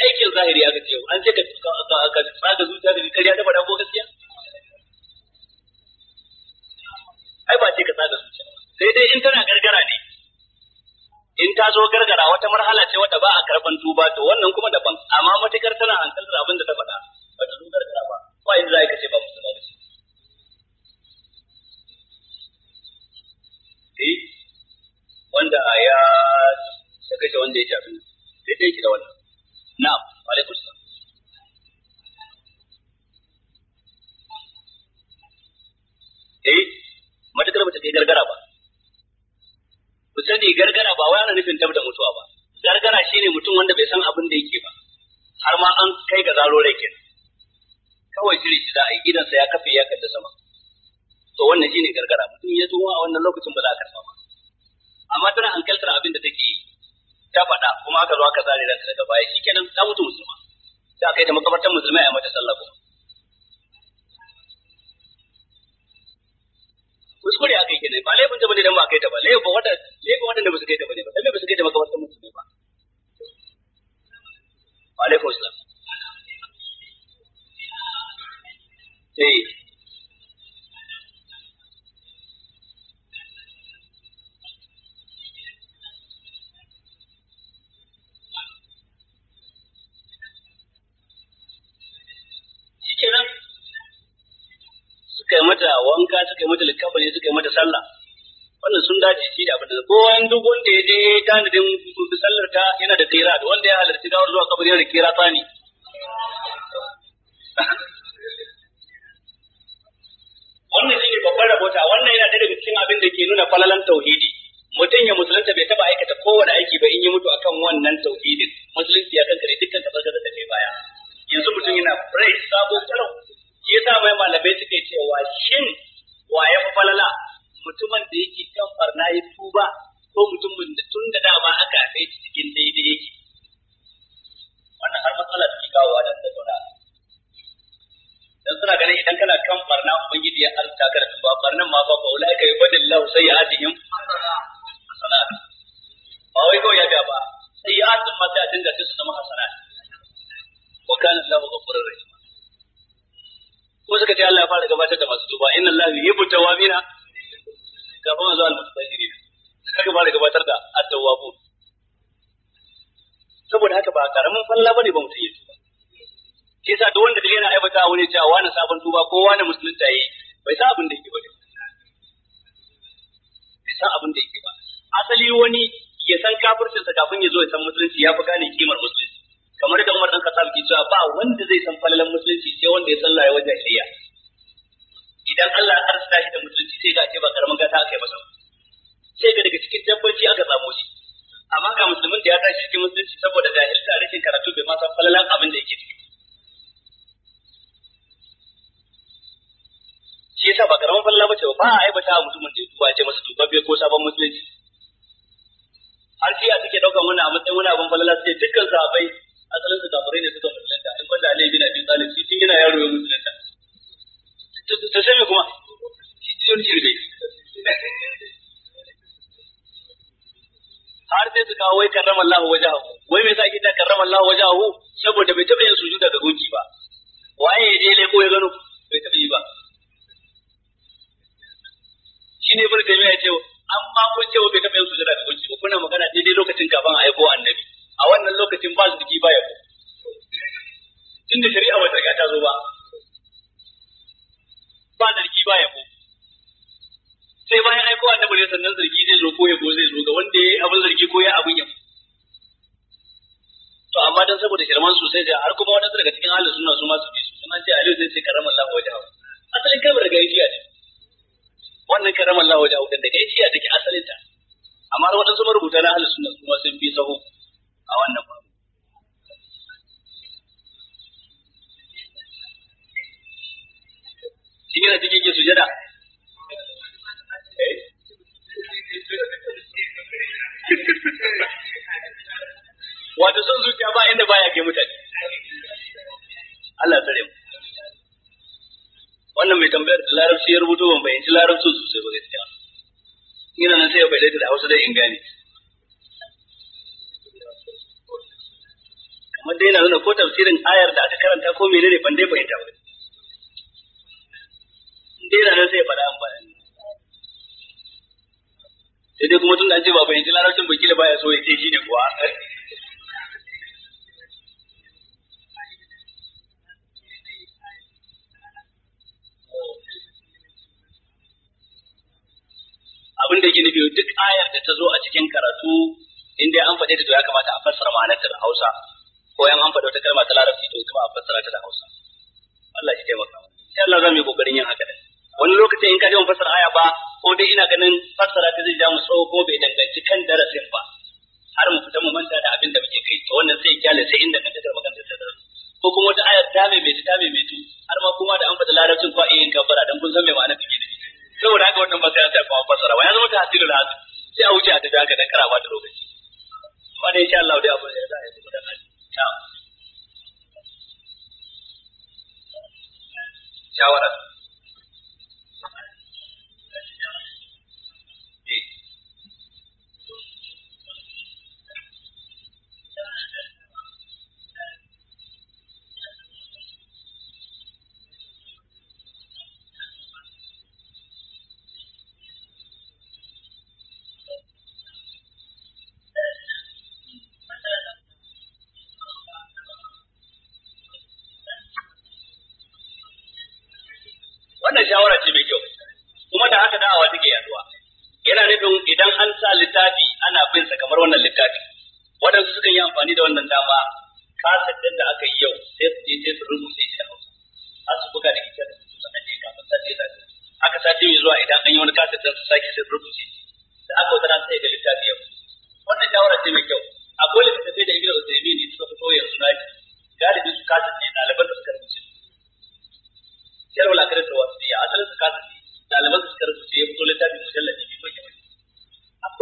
aikin zahiri aka ce an ce ka ka tsaga zuciya da kariya da faɗa ko gaskiya ai ba ce ka tsaga zuciya sai dai in tana gargara ne in ta zo gargara wata marhala ce wata ba a karban tuba to wannan kuma daban amma matukar tana hankaltar abin da ta faɗa ba ta zo gargara ba ba in za ka ce ba musulma ba ce eh, wanda a ya ta kashe wanda ya shafi dai ki da wannan na'am wa eh ta yi gargara ba ku ba nufin tabda mutuwa ba gargara shine mutum wanda bai san abin da yake ba har ma an kai kawai shiri shi za a yi gidansa ya kafe ya sama to wannan shine gargara mutum ya zo a wannan lokacin ba za a karba ba amma tana hankaltar abin da take yi ta faɗa kuma aka zo aka zare ranta daga baya kenan ta mutu musulma sai aka yi ta makabartar musulmai a mata sallah kuma kuskure aka yi kenan ba laifin ta bane dan ba kai ta ba laifin wanda laifin wanda ba su kai ta bane ba dan ba su kai ta makabartar musulmai ba alaikum salam eh wanka suka yi mata ne suka yi mata sallah wannan sun dace shi da abin da wani duk wanda ya je tanadin sallar ta yana da kira da wanda ya halarci gawar zuwa kabari yana da kira tsani wannan ne babban rabota wannan yana daga cikin abin da ke nuna falalan tauhidi mutum ya musulunta bai taba aikata kowane aiki ba in yi mutu akan wannan tauhidin musulunci ya kankare dukkan tabbatar da kai baya yanzu mutum yana fresh sabo kalau ya sa mai malamai suke cewa shin falala mutumin da yake kan farna ya tuba ko mutumin da tun da dama aka haife shi cikin daidai yake wannan har matsala take kawo da ta zauna dan suna ganin idan kana kan farna ubangiji ya alta ka da tuba farnan ma ba ulai ka yubadillahu sayyi'atihim hasanat ba wai kawai ya ga ba sayyi'atun ma ta dinga su zama hasanat wa kana Allahu ghafurur rahim ko suka ce Allah ya fara gabatar da masu tuba inna Allah yuhibbu tawabina kafin zuwa al-mutatahhirin suka fara gabatar da at-tawwabun saboda haka ba karamin falla bane ba mutum ya tuba shi yasa duk wanda yana aibata a wani cewa wani sabon tuba ko wani musulunta yi bai san abin da yake ba bai san abin da yake ba asali wani ya san kafircinsa kafin ya zo ya san musulunci ya fi gane kimar musulunci kamar da Umar dan Khattab ke cewa ba wanda zai san falalan musulunci sai wanda ya san laye wajen shari'a idan Allah ya arsa shi da musulunci sai ga ce ba karaman gata aka yi masa sai ga daga cikin dabbaci aka samu shi amma ga musulmin da ya tashi cikin musulunci saboda jahilta tarihin karatu bai ma san falalan abin da yake ciki shi yasa ba karaman falala bace ba a aibata mutumin da ya tuba ce masa tuba bai ko sabon musulunci har shi a suke daukan wani a matsayin wani abin falala sai dukkan sahabbai asalin su kafirai ne suka musulunta in banda Ali bin Abi Talib shi tun yana yaro ya musulunta Ta sai me kuma jijiyon shirbe har sai su kawo wai karrama Allah wajahu wai me yasa ake ta karrama Allah wajahu saboda bai taɓa yin sujuda ga gunki ba waye ya je leko ya gano bai taɓa yi ba shine ibnu taymiya ya ce amma ma kun ce bai taɓa yin su ga gunki ba kuna magana daidai lokacin gaban aiko annabi a wannan lokacin ba jiki ba yabo tunda shari'a ba ta riga ta zo ba ba zargi ba yabo sai bayan aiko a ne sannan zargi zai zo ko yabo zai zo ga wanda ya yi abin zargi ko ya abin yabo to amma dan saboda shirman su sai da har kuma wadansu daga cikin halin suna su ma su bi su kuma sai aliyu zai ce karama Allah wajahu asalin kalmar daga yajiya ne wannan karama Allah wajahu hau daga yajiya take asalin ta amma wadansu marubuta na halin suna su ma sun bi sahu a wannan babu shi yana cikin ke sujada eh? wato son zuciya ba inda baya ke mutane Allah tsare mu wannan mai tambayar da larabci ya rubuto ban bayyanci larabcin sosai ba gaskiya ina nan sai ya bayyana da Hausa da ingani. yana nuna ko tafsirin ayar da aka karanta ko menene ban dai fahimta ba dai yana nan sai ya faɗa amfani sai dai kuma tun da an ce ba fahimci larabcin baki da baya so ya ce shi ne kuwa abin da ke nufi duk ayar da ta zo a cikin karatu in dai an faɗe da to ya kamata a fassara ma'anar ta Hausa ko yan an faɗa wata kalma ta larabci to ita ma a fassara ta da Hausa Allah shi taimaka insha Allah za mu yi kokarin yin haka wani lokacin in ka ji fassara aya ba ko dai ina ganin fassara ta zai ja mu tsawo ko bai danganci kan darasin ba har mu fita mu manta da abin da muke kai to wannan sai kyale sai inda kanta da magana ta da. ko kuma wata ayar ta mai mai ta mai mai tu har ma kuma da an faɗa larabcin ko ka fara dan kun san me ma'ana take da saboda haka wannan ba sai ta kuma fassara ba ya zama ta da hasil sai a wuce a ta daga da karawa da lokaci amma dai insha Allah dai abu da za a yi shawara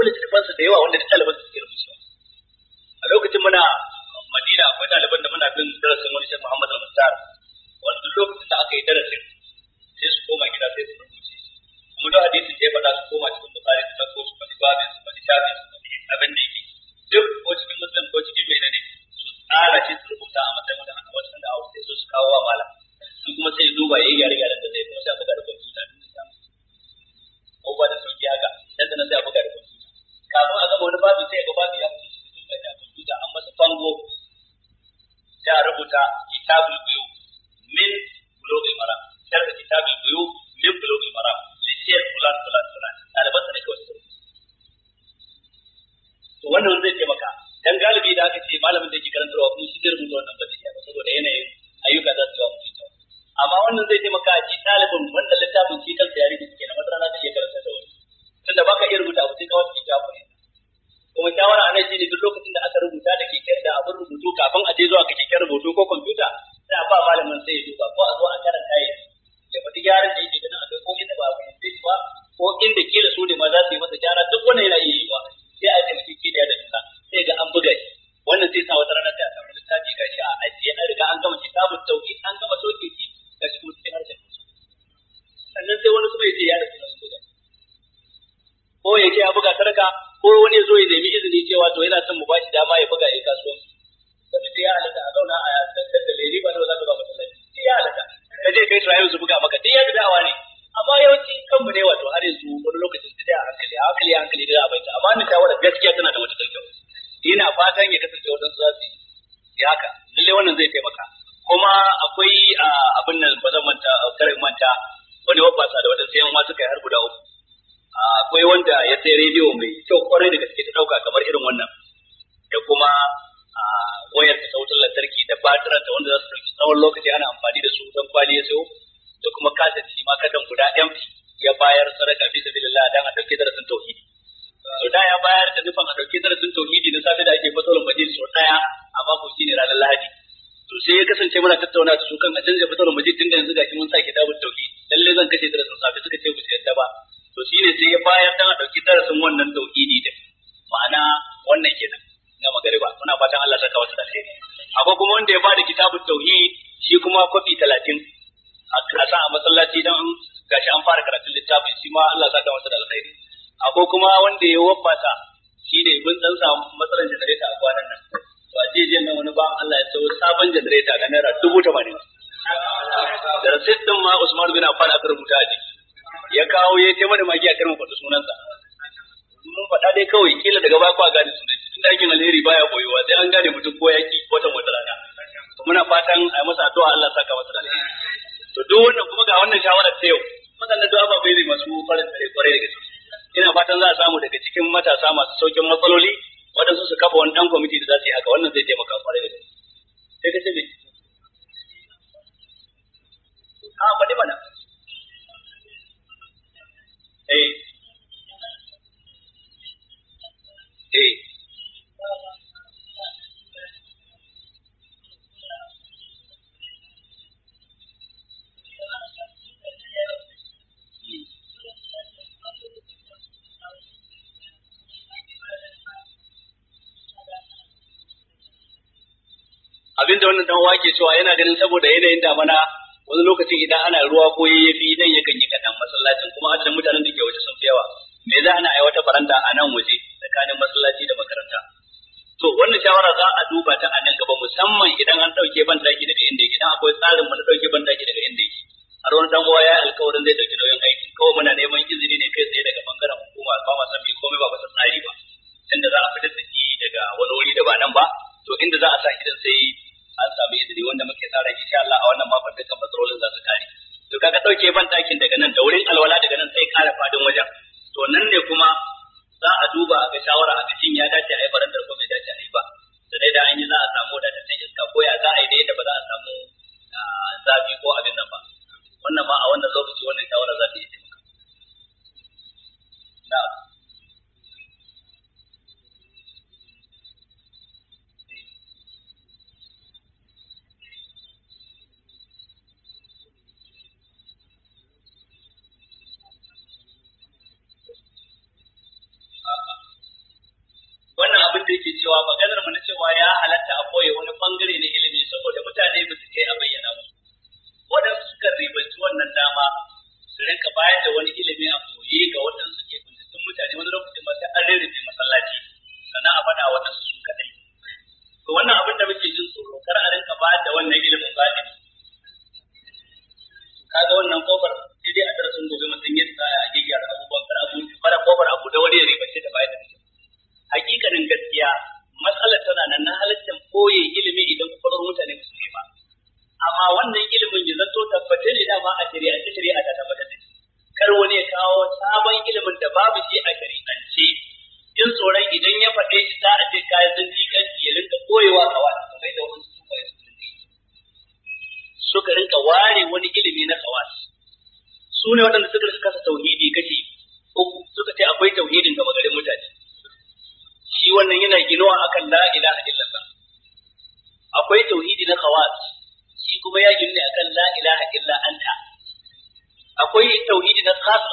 akwai littattafansa da yawa wanda duk ɗaliban suke rubuce a lokacin muna Madina akwai ɗaliban da muna bin darasin wani shek Muhammad Al-Mukhtar перейдем wannan tauhidi da ma'ana wannan kenan na magariba muna fatan Allah saka wasu alheri akwai kuma wanda ya bada kitabun tauhid shi kuma kofi 30 a kasa a masallaci dan gashi an fara karatun littafin shi ma Allah saka masa da alkhairi. akwai kuma wanda ya wabbata shi ne bin dan samu matsalar janareta a kwanan nan ba je je nan wani ba Allah ya tsawo sabon janareta da naira dubu tamanin da rasit ma Usman bin Affan aka rubuta a ya kawo ya taimaka da magiya karin faɗi sunansa yana ganin saboda yanayin damana wani lokaci idan ana ruwa ko yayyafi dan yakan yi kadan masallacin kuma adadin mutanen da ke waje sun fi yawa me za ana yi wata faranta a nan waje tsakanin masallaci da makaranta to wannan shawara za a duba ta a nan gaba musamman idan an dauke ban daki daga inda idan akwai tsarin mu da yake cewa maganar mu na cewa ya halatta a koyi wani bangare na ilimi saboda mutane ba su kai a bayyana ba waɗansu suka ribanci wannan dama su rinka bayar da wani ilimi a koyi ga waɗansu ke binciken mutane wani lokacin masu an rarrabe masallaci sannan a faɗa waɗansu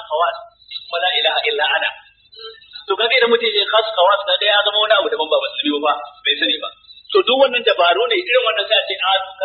khawas sai kuma la ilaha illa ana to kaga idan mutum ya khas khawas na daya ya zama wani abu daban ba musulmi ba bai sani ba to duk wannan dabaru ne irin wannan sai a ce a